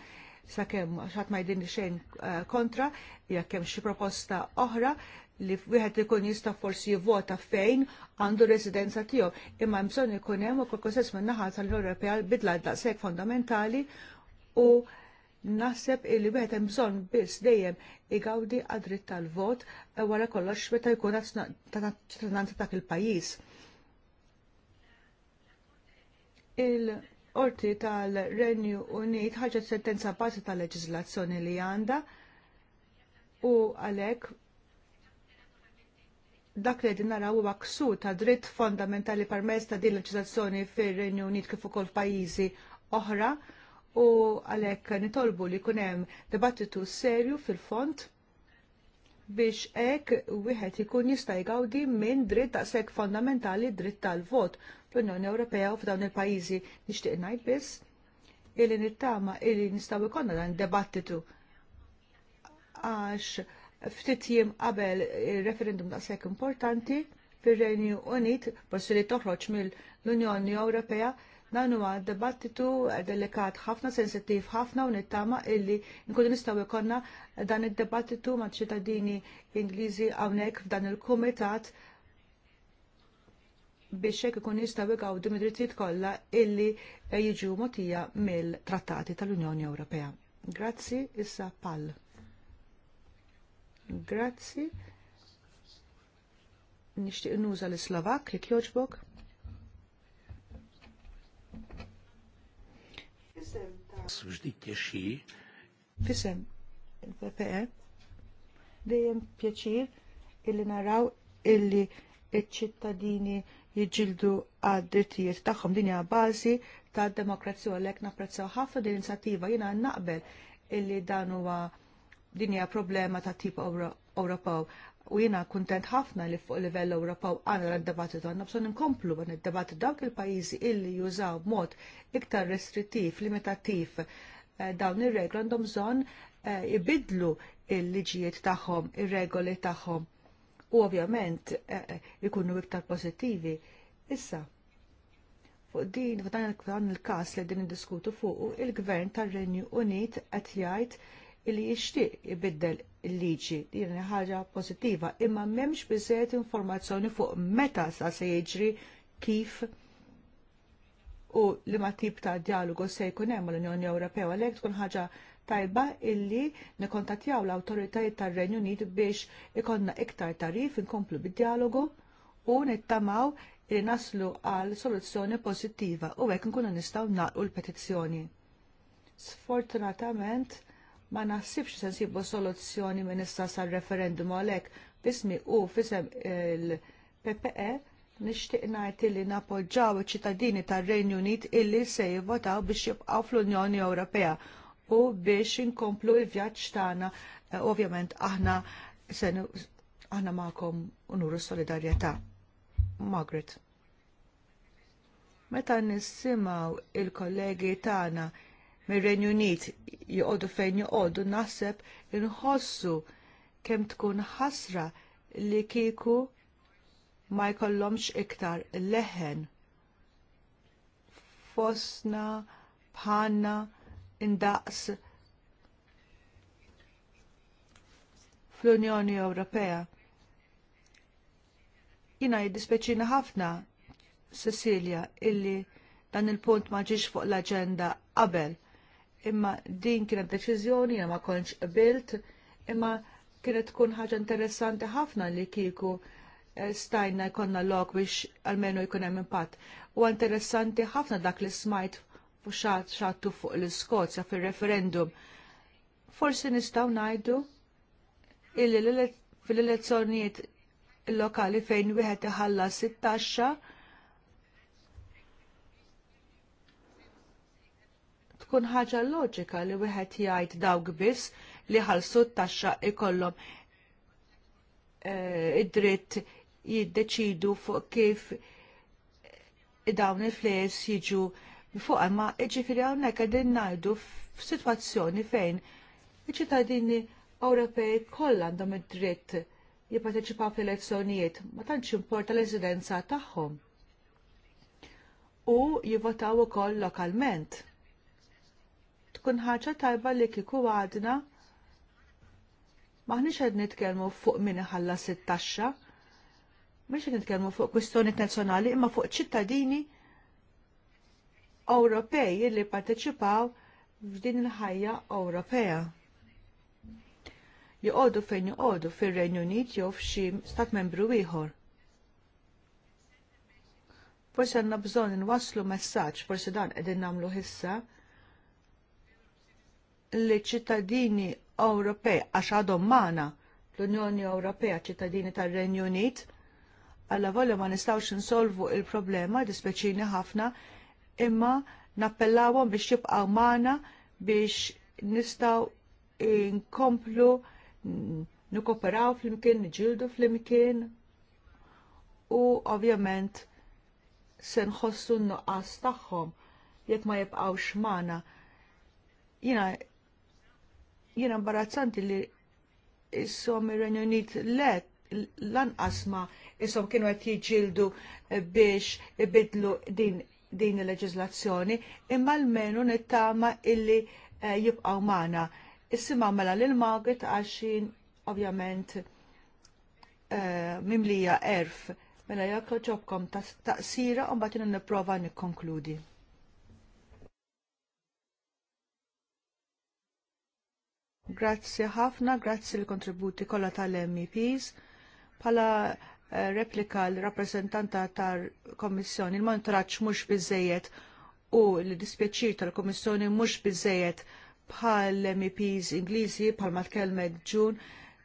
sakemm xatt ma jdin xejn eh, kontra, jekk hemm xi proposta oħra li wieħed ikun jista' forsi jivvota fejn għandu residenza tiegħu, imma bżonn ikun hemm ukoll konsens min-naħa tal-Ewropea bidla daqshekk fondamentali u naħseb illi wieħed hemm bżonn biss dejjem igawdi għad-dritt tal-vot e wara kollox meta jkun ċittadinanza ta' il-pajjiż. Il-qorti tal-Renju Unit ħaġet sentenza bażi tal-leġiżlazzjoni li għandha u għalhekk dak li għedin naraw huwa ksur ta' dritt fondamentali permezz ta' din l-leġiżlazzjoni fir-Renju Unit kif ukoll f'pajjiżi oħra u għalhekk nitolbu li jkun hemm serju fil-fond biex hekk wieħed ikun jista' jgawdi minn dritt daqshekk fondamentali dritt tal-vot fl-Unjoni Ewropea u f'dawn il-pajjiżi nixtieq ngħid biss illi nittama illi nistgħu jkollna dan debattitu għax ftit jiem qabel referendum daqshekk importanti fir-Renju Unit forsi li toħroġ mill-Unjoni Ewropea Dan huwa dibattitu delikat ħafna, sensittiv ħafna u nittama illi nkunu nistgħu jkollna dan id-dibattitu ma' ċittadini Ingliżi hawnhekk f'dan il-kumitat biex hekk ikun jistgħu jgawdu mid-drittijiet kollha illi jiġu motija mill-trattati tal-Unjoni Ewropea. Grazzi, issa pall. Grazzi. Nixtieq nuża l-Slovak li kjoġbok. Fisem ta' jaxi. Fisem il-PPE dejjem pjaċir illi naraw illi iċ-ċittadini jiġildu għad-drittijiet tagħhom din hija bażi tad-demokrazija għalhekk napprezzaw ħafna din inizjattiva jiena naqbel illi dan huwa din hija problema ta' tip Ewropew u jiena kuntent ħafna li fuq livell Ewropew għandna l debatti għandna bżonn inkomplu għan id-debatti dawk il-pajjiżi illi jużaw b'mod iktar restrittiv, limitattiv eh, dawn ir regla għandhom bżonn eh, ibidlu il-liġijiet tagħhom, ir-regoli tagħhom u ovvjament eh, ikunu iktar pożittivi. Issa, fuq din f'dan il-każ li din diskutu fuq il-gvern tar-Renju Unit qed jgħid illi jixtieq ibiddel il-liġi din ħaġa pożittiva, imma m'hemmx bizzejt informazzjoni fuq meta sa se jiġri kif u li ma tip ta' dialogu se jkun hemm l-Unjoni Ewropea għalhekk tkun ħaġa tajba illi nikkontattjaw l-awtoritajiet tar-Renju Unit biex ikonna iktar tarif inkomplu bid-dialogu u nittamaw li naslu għal soluzzjoni pożittiva u hekk nkunu nistgħu nagħlqu l-petizzjoni. Sfortunatament, ma naħsibx se nsibu soluzzjoni minn issa sar referendum għalhekk bismi u fisem il-PPE nixtieq ngħid li napoġġaw iċ-ċittadini tar-Renju Unit illi se jivvotaw biex jibqgħu fl-Unjoni Ewropea u biex inkomplu l-vjaġġ tagħna eh, ovvjament aħna sen aħna magħkom unuru solidarjetà. Margaret. Meta nissimaw il-kollegi tagħna mir-Renju Unit joqogħdu fejn joqogħdu naħseb inħossu kemm tkun ħasra li kieku ma jkollhomx iktar leħen fosna bħanna indaqs fl-Unjoni Ewropea. Jina jiddispeċina ħafna, Cecilia, illi dan il-punt ma ġiex fuq l-agenda qabel imma din kienet deċiżjoni ma konċ bilt, imma kienet tkun ħaġa interessanti ħafna li kieku eh, stajna jkollna lok biex almenu jkun hemm impatt. U interessanti ħafna dak li smajt xattu fuq l-Skozja fil-referendum. Forsi nistgħu ngħidu illi fil-elezzjonijiet lokali fejn wieħed iħallas it-taxxa tkun ħaġa loġika li wieħed jgħid dawk biss li ħalsu t-taxxa ikollhom e, id-dritt jiddeċidu fuq kif dawn il flejs jiġu fuq ma ġifiri hawnhekk qegħdin ngħidu f'sitwazzjoni fejn iċ-ċittadini Ewropej kollha għandhom id-dritt jipparteċipaw fil elezzjonijiet ma tantx importa l-residenza tagħhom u jivvotaw ukoll lokalment tkun ħaġa tajba li kieku għadna maħniex qed nitkellmu fuq minni ħalla it-taxxa, mhux qed nitkellmu fuq kwistjoni nazzjonali imma fuq ċittadini Ewropej li parteċipaw f'din il-ħajja Ewropea. Joqogħdu fejn joqogħdu fir-Renju Unit jew f'xi stat membru ieħor. Forsi għandna bżonn inwasslu messaġġ forsi dan qegħdin nagħmlu ħissa li ċittadini Ewropej għax għadhom magħna l-Unjoni Ewropea ċittadini tar-Renju Unit, alla volja ma nistgħux insolvu il-problema dispeċini ħafna, imma nappellawhom biex jibqgħu magħna biex nistgħu nkomplu nikoperaw flimkien, niġildu flimkien u ovvjament se nħossu n-nuqqas tagħhom jekk ma jibqgħux magħna. Jina Jiena imbarazzanti li issom ir-Renju Unit let lanqas ma isom kienu qed jiġġieldu biex ibidlu din din il-leġiżlazzjoni, imma l-menu nittama illi eh, jibqgħu magħna. Issimgħu mela lil Margaret għaxin ovvjament eh, mimlija erf mela jekk ġobkom taqsira u mbagħad nipprova nikkonkludi. Grazzi ħafna, grazzi l-kontributi kollha tal-MEPs. Pala eh, replika l-rappresentanta tal komissjoni il monitoraċ mhux biżejjed u l-dispjaċir tal komissjoni mhux biżejjed pal MEPs Ingliżi pal ma tkellmet ġun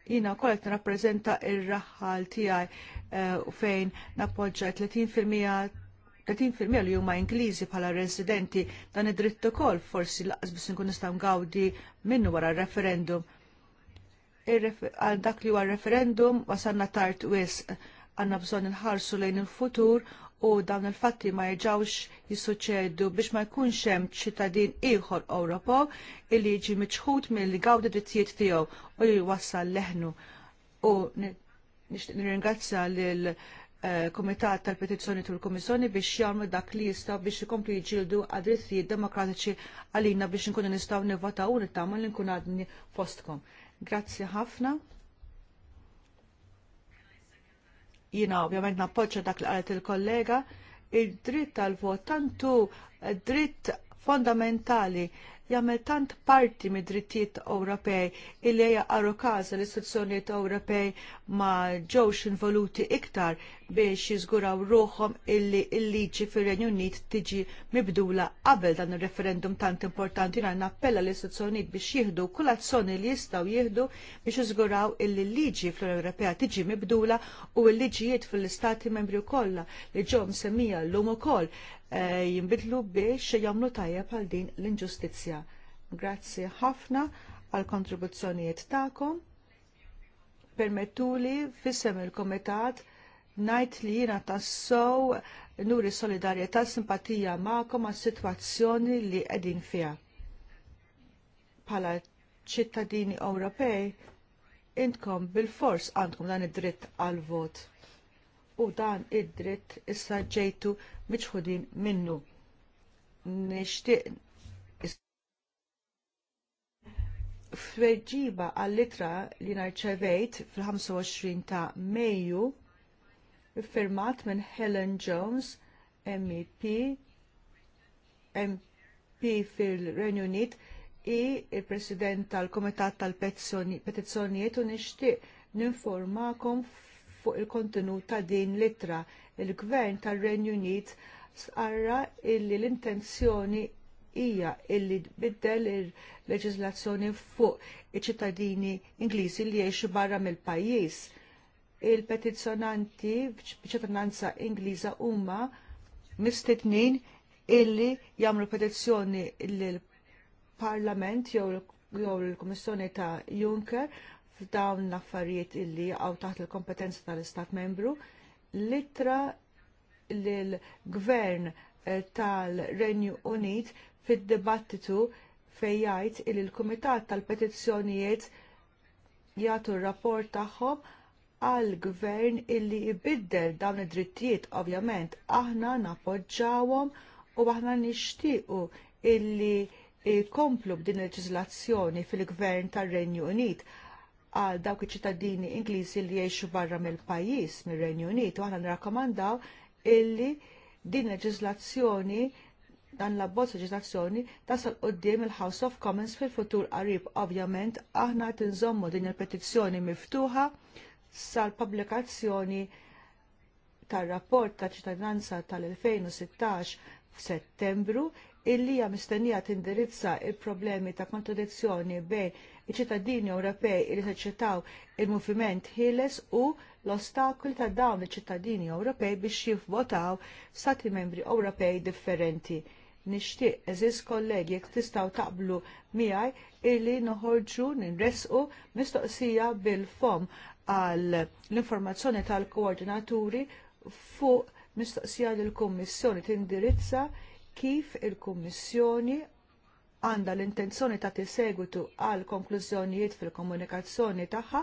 jina t rappresenta il-raħħal tijaj eh, u fejn nappoġġa 30% 30% li huma Ingliżi bħala residenti dan id-dritt ukoll forsi laqas biss nkun nistgħu ngawdi minnu wara r-referendum. Għal dak li huwa referendum wasanna tard wis għandna bżonn inħarsu lejn il-futur u dawn il-fatti ma jġawx jissuċedu biex ma jkunx hemm ċittadin ieħor Ewropew illi jiġi miċħud milli gawdi drittijiet tiegħu u li wassal leħnu. U nixtieq nirringrazzja lil Eh, Komitat tal-Petizzjoni tul kummissjoni biex jagħmlu dak li jistgħu biex ikompli jġildu għad-drittijiet demokratiċi għalina biex nkunu nistgħu nivvotaw u nittama li nkun għadni fostkom. Grazzi ħafna. Jiena ovvjament nappoġġa dak li qalet il-kollega, id-dritt tal-vot tantu dritt fondamentali jagħmel tant parti mid drittijiet Ewropej illi hija każ l-istituzzjonijiet Ewropej ma ġewx involuti iktar biex jiżguraw ruħom illi il-liġi fir-Renju Unit tiġi mibdula qabel dan ir-referendum tant importanti jiena nappella l istituzzjonijiet biex jieħdu kull azzjoni li jistgħu jieħdu biex jiżguraw illi l-liġi fl-Unjoni Ewropea tiġi mibdula u l-liġijiet fl-istati membri kolla li l-lum llum ukoll eh, jinbidlu biex jagħmlu tajjeb għal din l-inġustizzja. Grazzi ħafna għal kontribuzzjonijiet tagħkom. Permettuli fissem il-Komitat najt li jina tassow nuri solidarieta simpatija ma'kom għas situazzjoni li edin fija. Pala ċittadini Ewropej, intkom bil-fors għandkom dan id-dritt għal-vot. U dan id-dritt issa ġejtu miċħudin minnu. Nishtiq F'weġiba għall-litra li narċevejt fil-25 ta' Mejju firmat minn Helen Jones, MEP, MP fil-Renju Unit, i il-President tal-Komitat tal-Petizzjonijiet u nixtieq ninformakom fuq il-kontenut ta' din litra. Il-Gvern tal-Renju Unit sqarra illi l-intenzjoni hija illi tbiddel il leġislazzjoni fuq iċ-ċittadini Ingliżi li jgħixu barra mill-pajjiż il-petizzjonanti b'ċittadinanza Ingliża huma mistednin illi jagħmlu petizzjoni lill-Parlament jew l-Kummissjoni ta' Juncker f'dawn l-affarijiet illi għaw taħt il-kompetenza tal-Istat membru, litra lill gvern eh, tal-Renju Unit fid-dibattitu fejn jgħid li l-Kumitat tal-Petizzjonijiet jagħtu r-rapport tagħhom għal gvern illi jbiddel dawn id-drittijiet ovvjament aħna napoġġawhom u aħna nixtiequ illi jkomplu b'din il-leġiżlazzjoni fil-gvern tar-Renju Unit għal dawk iċ-ċittadini Ingliżi li jgħixu barra mill-pajjiż mir-Renju Unit u aħna nirrakkomandaw illi din leġiżlazzjoni dan l-abbozz leġislazzjoni tasal qudiem il-House of Commons fil-futur qarib. Ovvjament aħna tinżommu din il-petizzjoni miftuħa sal-pubblikazzjoni tar-rapport ta' ċittadinanza tal-2016 f'Settembru illi hija mistennija tindirizza il-problemi ta' kontradizzjoni bejn iċ-ċittadini Ewropej li seċitaw il-moviment ħieles u l-ostakli ta' dawn iċ-ċittadini Ewropej biex jivvotaw stati membri Ewropej differenti. Nixtieq eżis kollegi jekk tistgħu taqblu miegħi illi noħorġu ninresqu mistoqsija bil-fom għal l-informazzjoni tal-koordinaturi fuq mistoqsija l-Kummissjoni tindirizza kif il-Kummissjoni għandha l-intenzjoni ta' tisegwitu għal konklużjonijiet fil-komunikazzjoni tagħha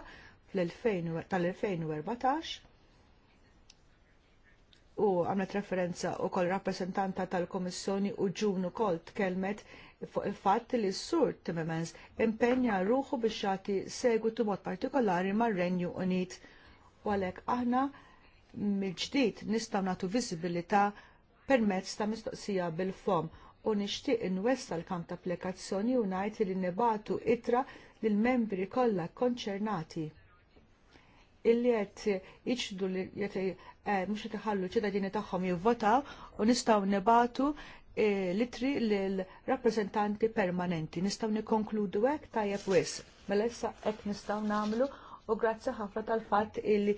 tal-2014 u għamlet referenza u kol rappresentanta tal-Komissjoni u ġun u kol tkelmet fuq il-fatt li s-sur Timmermans impenja ruħu biex jagħti segwitu mod partikolari mar-Renju Unit. U għalhekk aħna mill-ġdid nistgħu nagħtu viżibilità permezz ta' mistoqsija bil-fom u nixtieq inwessa l-kamp ta' applikazzjoni u ngħid li nibatu itra lill-membri kollha konċernati illi qed jiġdu li qed eh, mhux qed iħallu ċittadini tagħhom jivvotaw u nistgħu nibatu E, litri l-rappresentanti permanenti. Nistaw nikonkludu hekk tajjeb wis. Mela issa hekk nistgħu nagħmlu u grazzi ħafna tal-fatt illi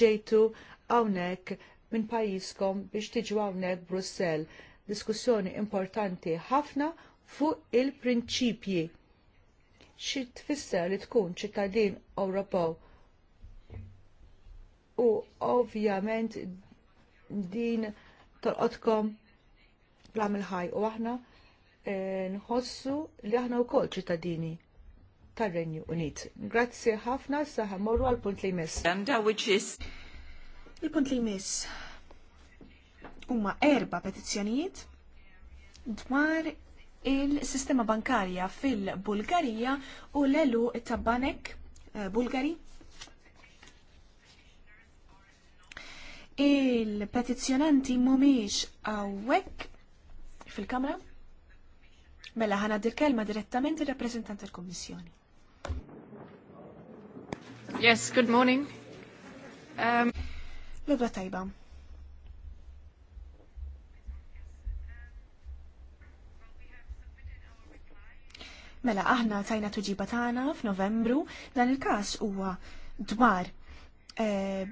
ġejtu hawnhekk minn pajjiżkom biex tiġu hawnhekk Brussell. Diskussjoni importanti ħafna fuq il-prinċipji xi tfisser li tkun ċittadin Ewropew. U ovvjament din tolqotkom plam il ħaj u aħna eh, nħossu li aħna wkoll ċittadini tar-Renju Unit. Grazzi ħafna saħa morru għal punt li jmiss. Il-punt li jmiss huma erba' petizzjonijiet dwar il-sistema bankarja fil-Bulgarija u l-elu ta' banek eh, Bulgari. Il-petizjonanti mumiex għawek fil-Kamra? Mela ħana dir kelma direttament il-rappresentant tal-Kommissjoni. Yes, good morning. Um... tajba. Mela aħna tajna tuġiba tagħna f'Novembru dan il-każ huwa dwar eh,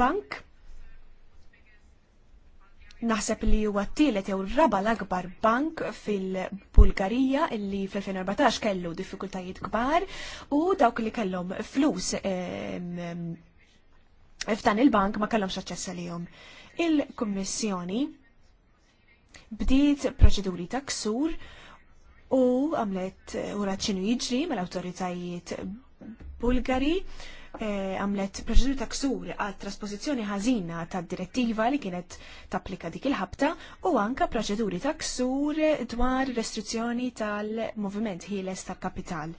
bank naħseb li huwa t-tielet jew raba l-akbar bank fil-Bulgarija illi fil 2014 kellu diffikultajiet kbar u dawk li kellhom flus f'dan il-bank ma kellhomx aċċess għalihom. Il-Kummissjoni bdiet proċeduri ta' ksur u għamlet u raċċinu jiġri mal-awtoritajiet Bulgari Eh, għamlet proċeduri ta' ksur għal trasposizjoni ħażina ta' direttiva li kienet tapplika dik il-ħabta u anka proċeduri ta' ksur dwar restrizzjoni tal-moviment ħieles ta' kapital.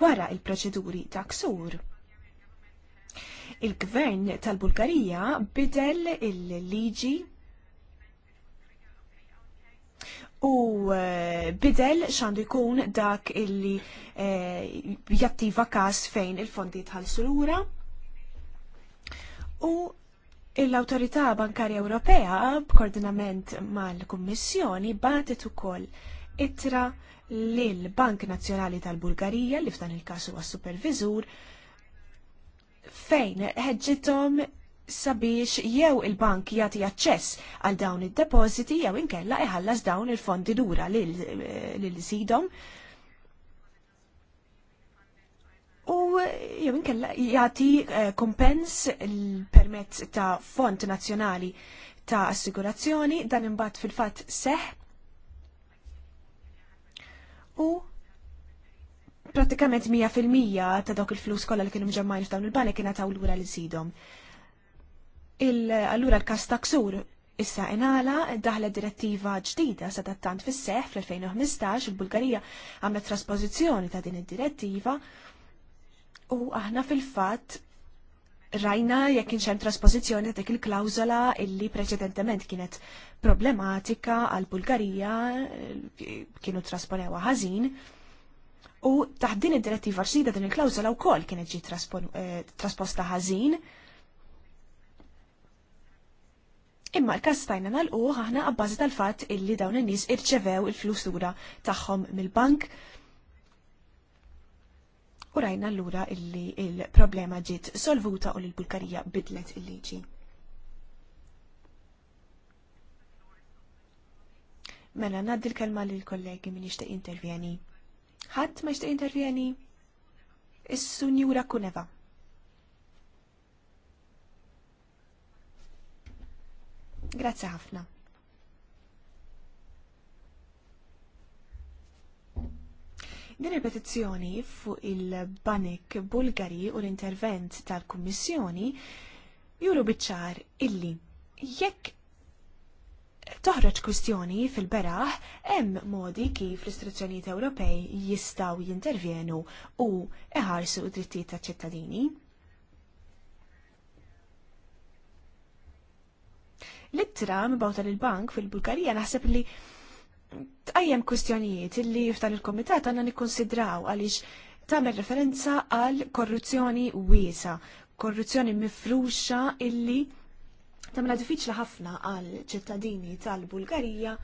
Wara il-proċeduri ta' ksur, il-gvern tal-Bulgarija bidel il-liġi u eh, bidel xandu jkun dak illi eh, jattiva kas fejn il-fondi tħallsu surura U l-Awtorità Bankarja Ewropea b'koordinament mal-Kummissjoni batet ukoll itra lil Bank Nazzjonali tal-Bulgarija li f'dan il-każ huwa supervizur fejn ħeġġithom sabiex jew il-bank jagħti aċċess għal dawn id-depositi jew inkella iħallas dawn il-fondi dura lil sidom. U jew inkella jagħti eh, kompens permezz ta' Fond Nazzjonali ta' Assigurazzjoni dan imbagħad fil-fatt seħ u pratikament 100% ta' dawk il-flus kollha li kienu mġemmajn f'dawn il-banek kien taw lura li sidhom. Allura l-kas taksur issa inala daħla direttiva ġdida sa tant fis-seħ fl-2015 il-Bulgarija għamlet traspożizzjoni ta' din id-direttiva u aħna fil-fatt rajna jekk kienx hemm traspożizzjoni ta' dik il klawzola illi preċedentement kienet problematika għal Bulgarija kienu trasponewa ħażin. U taħt din id-direttiva ġdida din il-klawżola wkoll kienet ġi eh, trasposta ħażin. Eh, Imma l kastajna stajna nal-u ħahna għabbażi tal-fat illi dawn in-nies irċevew il flusura taħħom tagħhom mill-bank. U rajna l-lura illi il-problema ġiet solvuta u l-Bulgarija bidlet il-liġi. Mela, naddi l-kelma li l-kollegi min jishtiq intervjeni. Ħadd ma jishtiq intervjeni? Is-sunjura Kuneva. Grazzi ħafna. Din il-petizzjoni fuq il-banik Bulgari u l-intervent tal-Kummissjoni juru biċċar illi jekk toħroġ kwistjoni fil-beraħ hemm modi kif l-istruzzjonijiet Ewropej jistgħu jintervjenu u iħarsu d-drittijiet taċ-ċittadini. L-ittra mibawta l-bank fil-Bulgarija naħseb li tqajjem kwistjonijiet li f'dan il-komitat għandna nikkonsidraw għaliex tagħmel referenza għal korruzzjoni wiesa, korruzzjoni mifruxa illi tamla diffiċli ħafna għal ċittadini tal-Bulgarija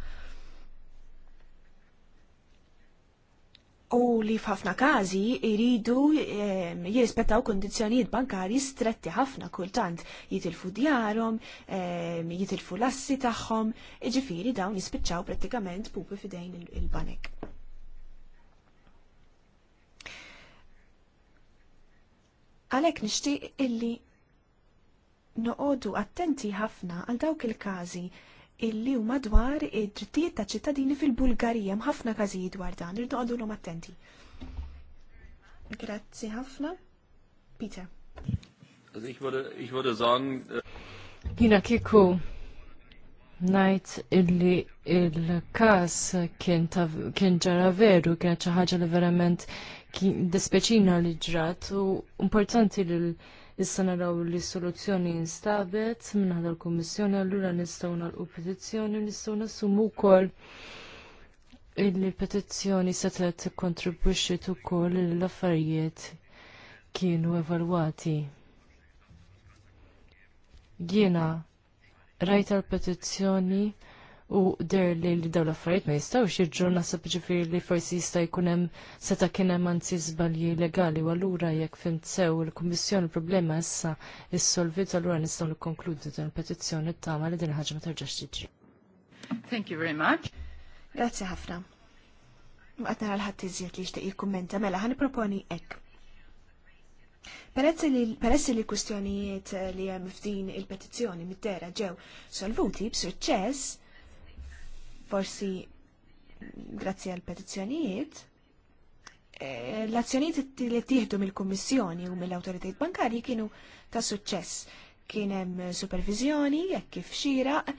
u li f'ħafna każi jridu ehm, jirrispettaw kondizjonijiet bankarji stretti ħafna kultant jitilfu djarhom, ehm, jitilfu l-assi tagħhom, jiġifieri dawn jispiċċaw prattikament pupi fidejn il-banek. Għalhekk nixtieq illi noqogħdu attenti ħafna għal dawk il-każi illi u madwar id-drittijiet ta' ċittadini fil-Bulgarija m'ħafna każijiet dwar dan, irdu għadunhom attenti. Grazzi ħafna. Peter. ich würde, sagen... Äh, Jina kiku najt illi il-kas kien, ġara veru, kien ċaħġa li verament dispeċina li ġrat u importanti li Issa naraw li soluzzjoni instabet minnaħda l kummissjoni allura nistgħu nagħlqu petizzjoni nistgħu nassumu wkoll illi petizzjoni se tlet tikkontribwixxi ukoll l-affarijiet kienu evalwati. Jiena rajta l-petizzjoni u der li li daw l-affarijiet ma jistawx jiġru nasab ġifiri li forsi jista' jkun hemm seta' kien hemm anzi żbalji legali u allura jekk fint sew il-Kummissjoni problema issa issolvit allura nistgħu konkludi dan il-petizzjoni tama li din ħaġa ma terġax tiġri. Thank you very much. Grazzi ħafna. Waqt għal-ħat tizjiet li jixtieq jikkummenta mela ħani proponi hekk. Peress li kustjonijiet li hemm il-petizzjoni mit tera ġew solvuti b'suċċess, forsi grazzi għal petizzjonijiet, eh, l-azzjonijiet li tieħdu mill-Kummissjoni u mill-Awtoritajiet Bankarji kienu ta' suċċess. Kien hemm supervizjoni jekk kif xieraq,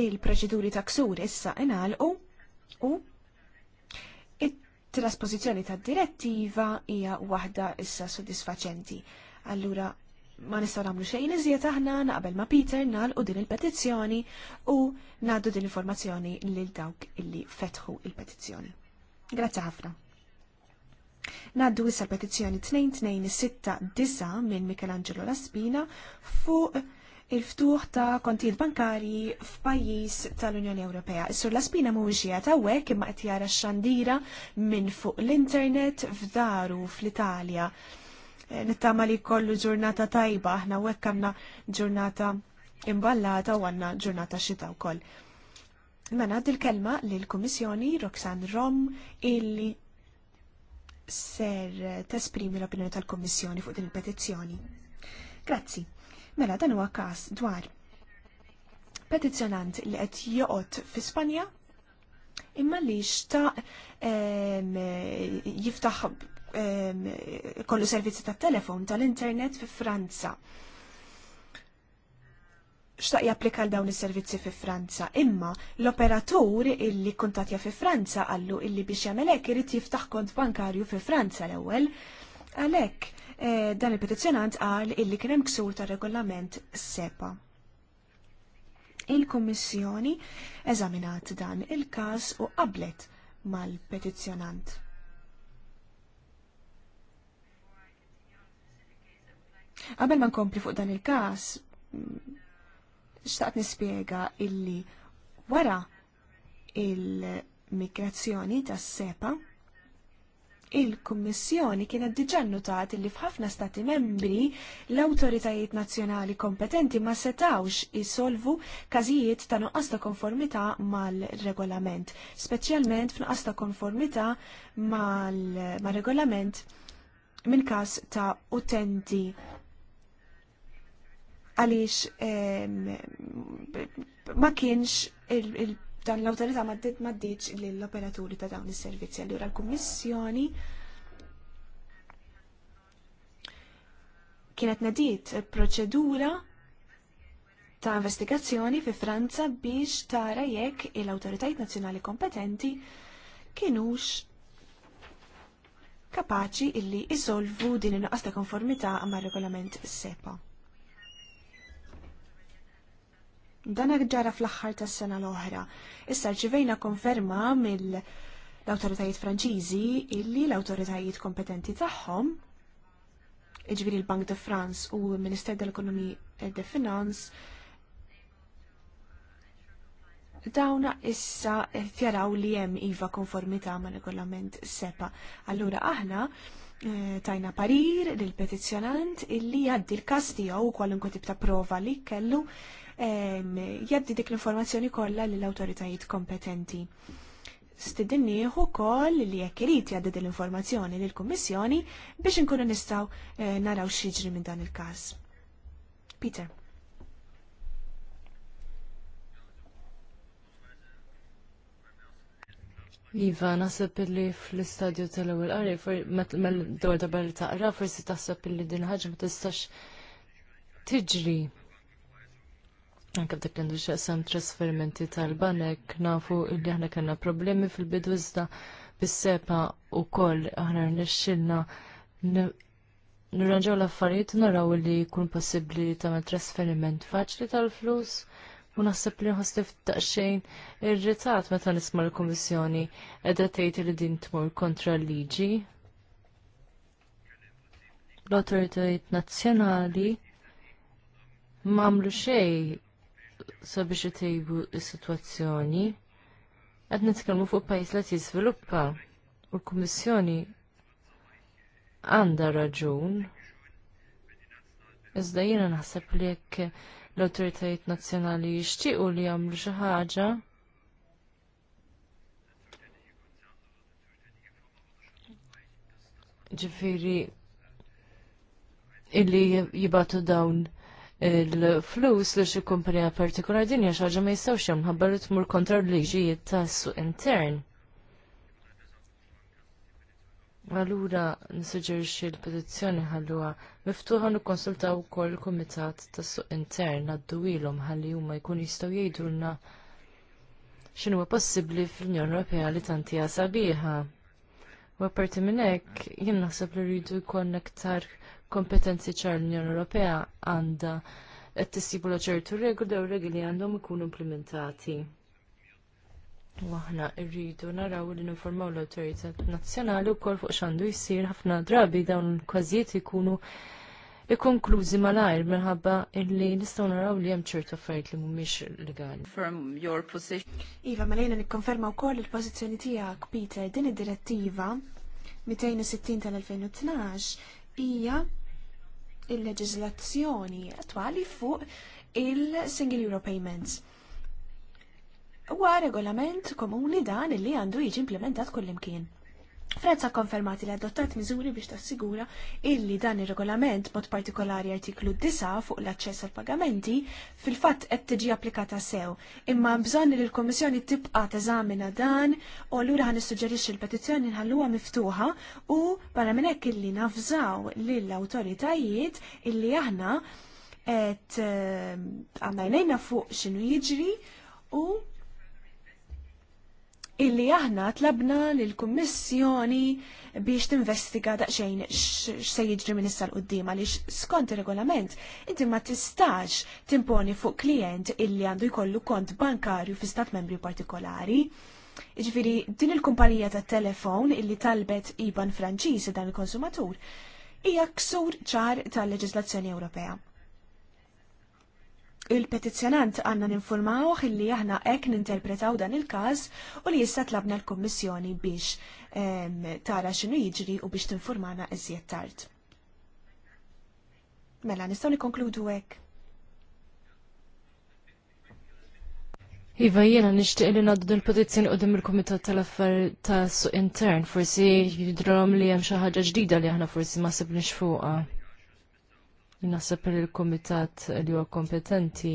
il-proċeduri ta' ksur issa inalqu u it-trasposizzjoni tad direttiva hija waħda issa sodisfaċenti. Allura ma nistaw nagħmlu xejn iżjed aħna naqbel ma' Peter nagħlqu din il-petizzjoni u ngħaddu din l informazzjoni lil dawk illi fetħu il-petizzjoni. Grazzi ħafna. Naddu issa petizzjoni 2269 minn Michelangelo Laspina fuq il-ftuħ ta' kontijiet bankari f'pajjiż tal-Unjoni Ewropea. Is-sur Laspina mhuwiex qiegħed hawnhekk imma qed jara x-xandira minn fuq l-internet f'daru fl-Italja nittama li kollu ġurnata tajba, aħna u għanna ġurnata imballata u għanna ġurnata xita u koll. Mena dil-kelma li l-Komissjoni Roxanne Rom illi ser tesprimi l-opinjoni tal-Komissjoni fuq din il-petizzjoni. Grazzi. Mela dan huwa każ dwar petizzjonant li qed joqgħod fi Spanja imma li xta' jiftaħ kollu servizzi tat telefon tal-internet fi Franza. Xtaq japplika l-dawn is-servizzi fi Franza, imma l-operatur illi kuntatja fi Franza għallu illi biex jagħmel hekk irid jiftaħ kont bankarju fi Franza l-ewwel. Għalhekk eh, dan il-petizzjonant qal illi kien hemm ksur tar-regolament SEPA. Il-Kummissjoni eżaminat dan il-każ u qablet mal-petizzjonant. Qabel ma nkompli fuq dan il-każ, xtaqt nispjega illi wara il-migrazzjoni tas sepa il-Kummissjoni kienet diġà notat li f'ħafna stati membri l-awtoritajiet nazzjonali kompetenti ma setawx isolvu każijiet ta' nuqqas ta' konformità mal-regolament, speċjalment f'nuqqas ta' konformità mal-regolament minn każ ta' utenti għaliex ma kienx dan l autorita ma ddiċ l-operaturi ta' dawn is-servizzi. Allora l-Kummissjoni kienet nedit proċedura ta' investigazzjoni fi Franza biex tara jekk il autoritajt nazzjonali kompetenti kienux kapaċi illi isolvu din il nuqqas ta' konformità ma' regolament SEPA. Dan ġara fl-aħħar tas-sena l-oħra. Issa ġivejna konferma mill l-autoritajiet franċiżi illi l-autoritajiet kompetenti tagħhom iġviri l-Bank de France u l-Minister dell-Ekonomi e de Finance dawna issa tjaraw li jem iva konformita ma' regolament SEPA. Allura aħna eh, tajna parir lill petizzjonant illi jaddi l kastijaw tiegħu kwalunkwe tip ta' prova li kellu jaddi dik l-informazzjoni kollha lill-awtoritajiet kompetenti. Stidinni u koll li jekk irid jaddi dik l-informazzjoni lill-Kummissjoni biex inkunu nistgħu eh, naraw x'jiġri minn dan il-każ. Peter. Iva, nasib li fl-istadju tal-ewel qari, mel-dor darba li taqra, forsi taħseb li din ħaġa ma tistax tiġri. Anke dak li sem trasferimenti tal-banek nafu illi aħna kellna problemi fil-bidu iżda bis-sepa u aħna rnexxilna nirranġaw l-affarijiet naraw li jkun possibbli tagħmel trasferiment faċli tal-flus u naħseb li nħossif daqsxejn irritat meta nisma' l-Kummissjoni qiegħda tgħid li din tmur kontra l-liġi l awtoritajiet nazzjonali m'għamlu xejn sabiex itejbu s-sitwazzjoni. Qed nitkellmu fuq pajjiż li jiżviluppa u l-Kummissjoni għandha raġun. Iżda jiena naħseb li jekk l-awtoritajiet nazzjonali jixtiequ li jagħmlu xi ħaġa, ġifiri illi jibatu dawn il-flus li xi kumpanija partikolar din hija xi ħaġa ma jistgħux hemm ħabba li tmur kontra l-liġijiet tas-suq intern. Allura nsuġġerixxi l-petizzjoni ħalluha miftuħa nikkonsultaw ukoll il-kumitat tas-suq intern għaddu ilhom ħalli huma jkun jistgħu jgħidulna x'inhu possibbli fl-Unjoni Ewropea li tanti sabiħa. U apparti minn hekk jien naħseb li rridu jkollna aktar kompetenzi ċar l-Unjoni Ewropea għandha qed tissibula ċertu regoli u regoli għandhom ikunu implementati. U aħna rridu naraw li ninformaw l-awtorità nazzjonali wkoll fuq x'għandu jsir ħafna drabi dawn il-każijiet ikunu ikkonklużi malajr minħabba illi nistgħu naraw li hemm ċertu affarijiet li mhumiex legali. From your position. Iva, malajna nikkonferma wkoll il-pożizzjoni tiegħek Peter din id-direttiva 260 tal-2012 hija il-leġizlazzjoni attwali fuq il-Single Euro Payments. Huwa regolament komuni dan illi għandu jiġi implementat kullimkien. Franza konfermati li adottat miżuri biex tassigura illi dan ir-regolament mod partikolari artiklu 9 fuq l-aċċess għal pagamenti fil-fatt qed tiġi applikata sew. Imma bżonn li l kummissjoni tibqa' teżamina dan u allura ħan nissuġġerixxi l-petizzjoni nħalluha miftuħa u barra minn hekk illi nafżaw lill-awtoritajiet illi aħna qed eh, għandna fuq x'inhu jiġri u illi aħna tlabna lill-Kummissjoni biex tinvestiga daqsxejn x'se jiġri minn issa l-qudiem għaliex skont ir-regolament inti ma tistax timponi fuq klient illi għandu jkollu kont bankarju fi stat membri partikolari. Iġviri, din il-kumpanija ta' telefon illi talbet IBAN Franċiż dan il-konsumatur hija ksur ċar tal-leġislazzjoni Ewropea il-petizzjonant għanna ninformawh illi aħna ek ninterpretaw dan il-każ u li issa tlabna l-Kummissjoni biex tara x'inhu jiġri u biex tinformana iżjed tard. Mela, nistgħu nikkonkludu hekk. Iva jiena nixtieq li ngħaddu din petizzjoni dim il-Kumitat tal-Affar ta' Suq Intern, forsi jidrom li hemm xi ħaġa ġdida li aħna forsi ma sibniex fuqha. Naħseb li l-Kumitat li huwa kompetenti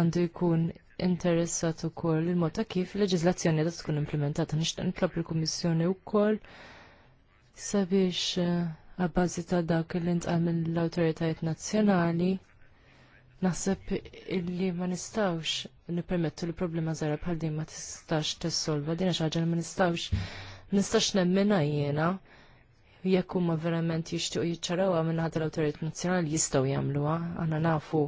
għandu jkun interessat ukoll il-mod ta' kif leġislazzjoni da tkun implementata. Nixtieq nitlob il-Kummissjoni wkoll sabiex eh, għabbażi ta' dak li ntqal mill-awtoritajiet nazzjonali naħseb illi ma nistawx nippermettu li problema żgħira bħal din ma tistax tissolva din xi ħaġa ma nistawx nistax nemmina jiena jekk huma verament jixtiequ jiċċarawha minn ħadd l-awtorit nazzjonali jistgħu jagħmluha, aħna nafu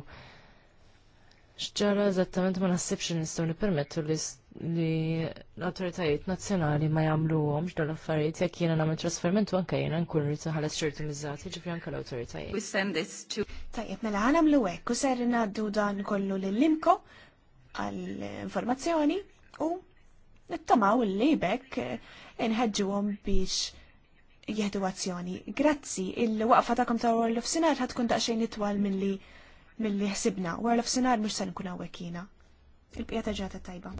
x'ġara eżattament ma naħsibx nistgħu nippermettu li l-awtoritajiet nazzjonali ma jagħmluhomx dawn l-affarijiet jekk jiena nagħmel trasferiment u anke jiena nkun rrid ħalas ċertu ġifri anke l-awtoritajiet. Tajjeb mela ħanamlu hekk u ser ngħaddu dan kollu lill-imko għall-informazzjoni u nittamaw l libek inħedġuhom biex jihdu azzjoni. Grazzi, il-waqfa ta'kom ta' World of Sinar ħatkun daqxejn itwal mill-li mill-li ħsibna. World of Sinar mux san nkun għawekina. Il-pijata ġata tajba.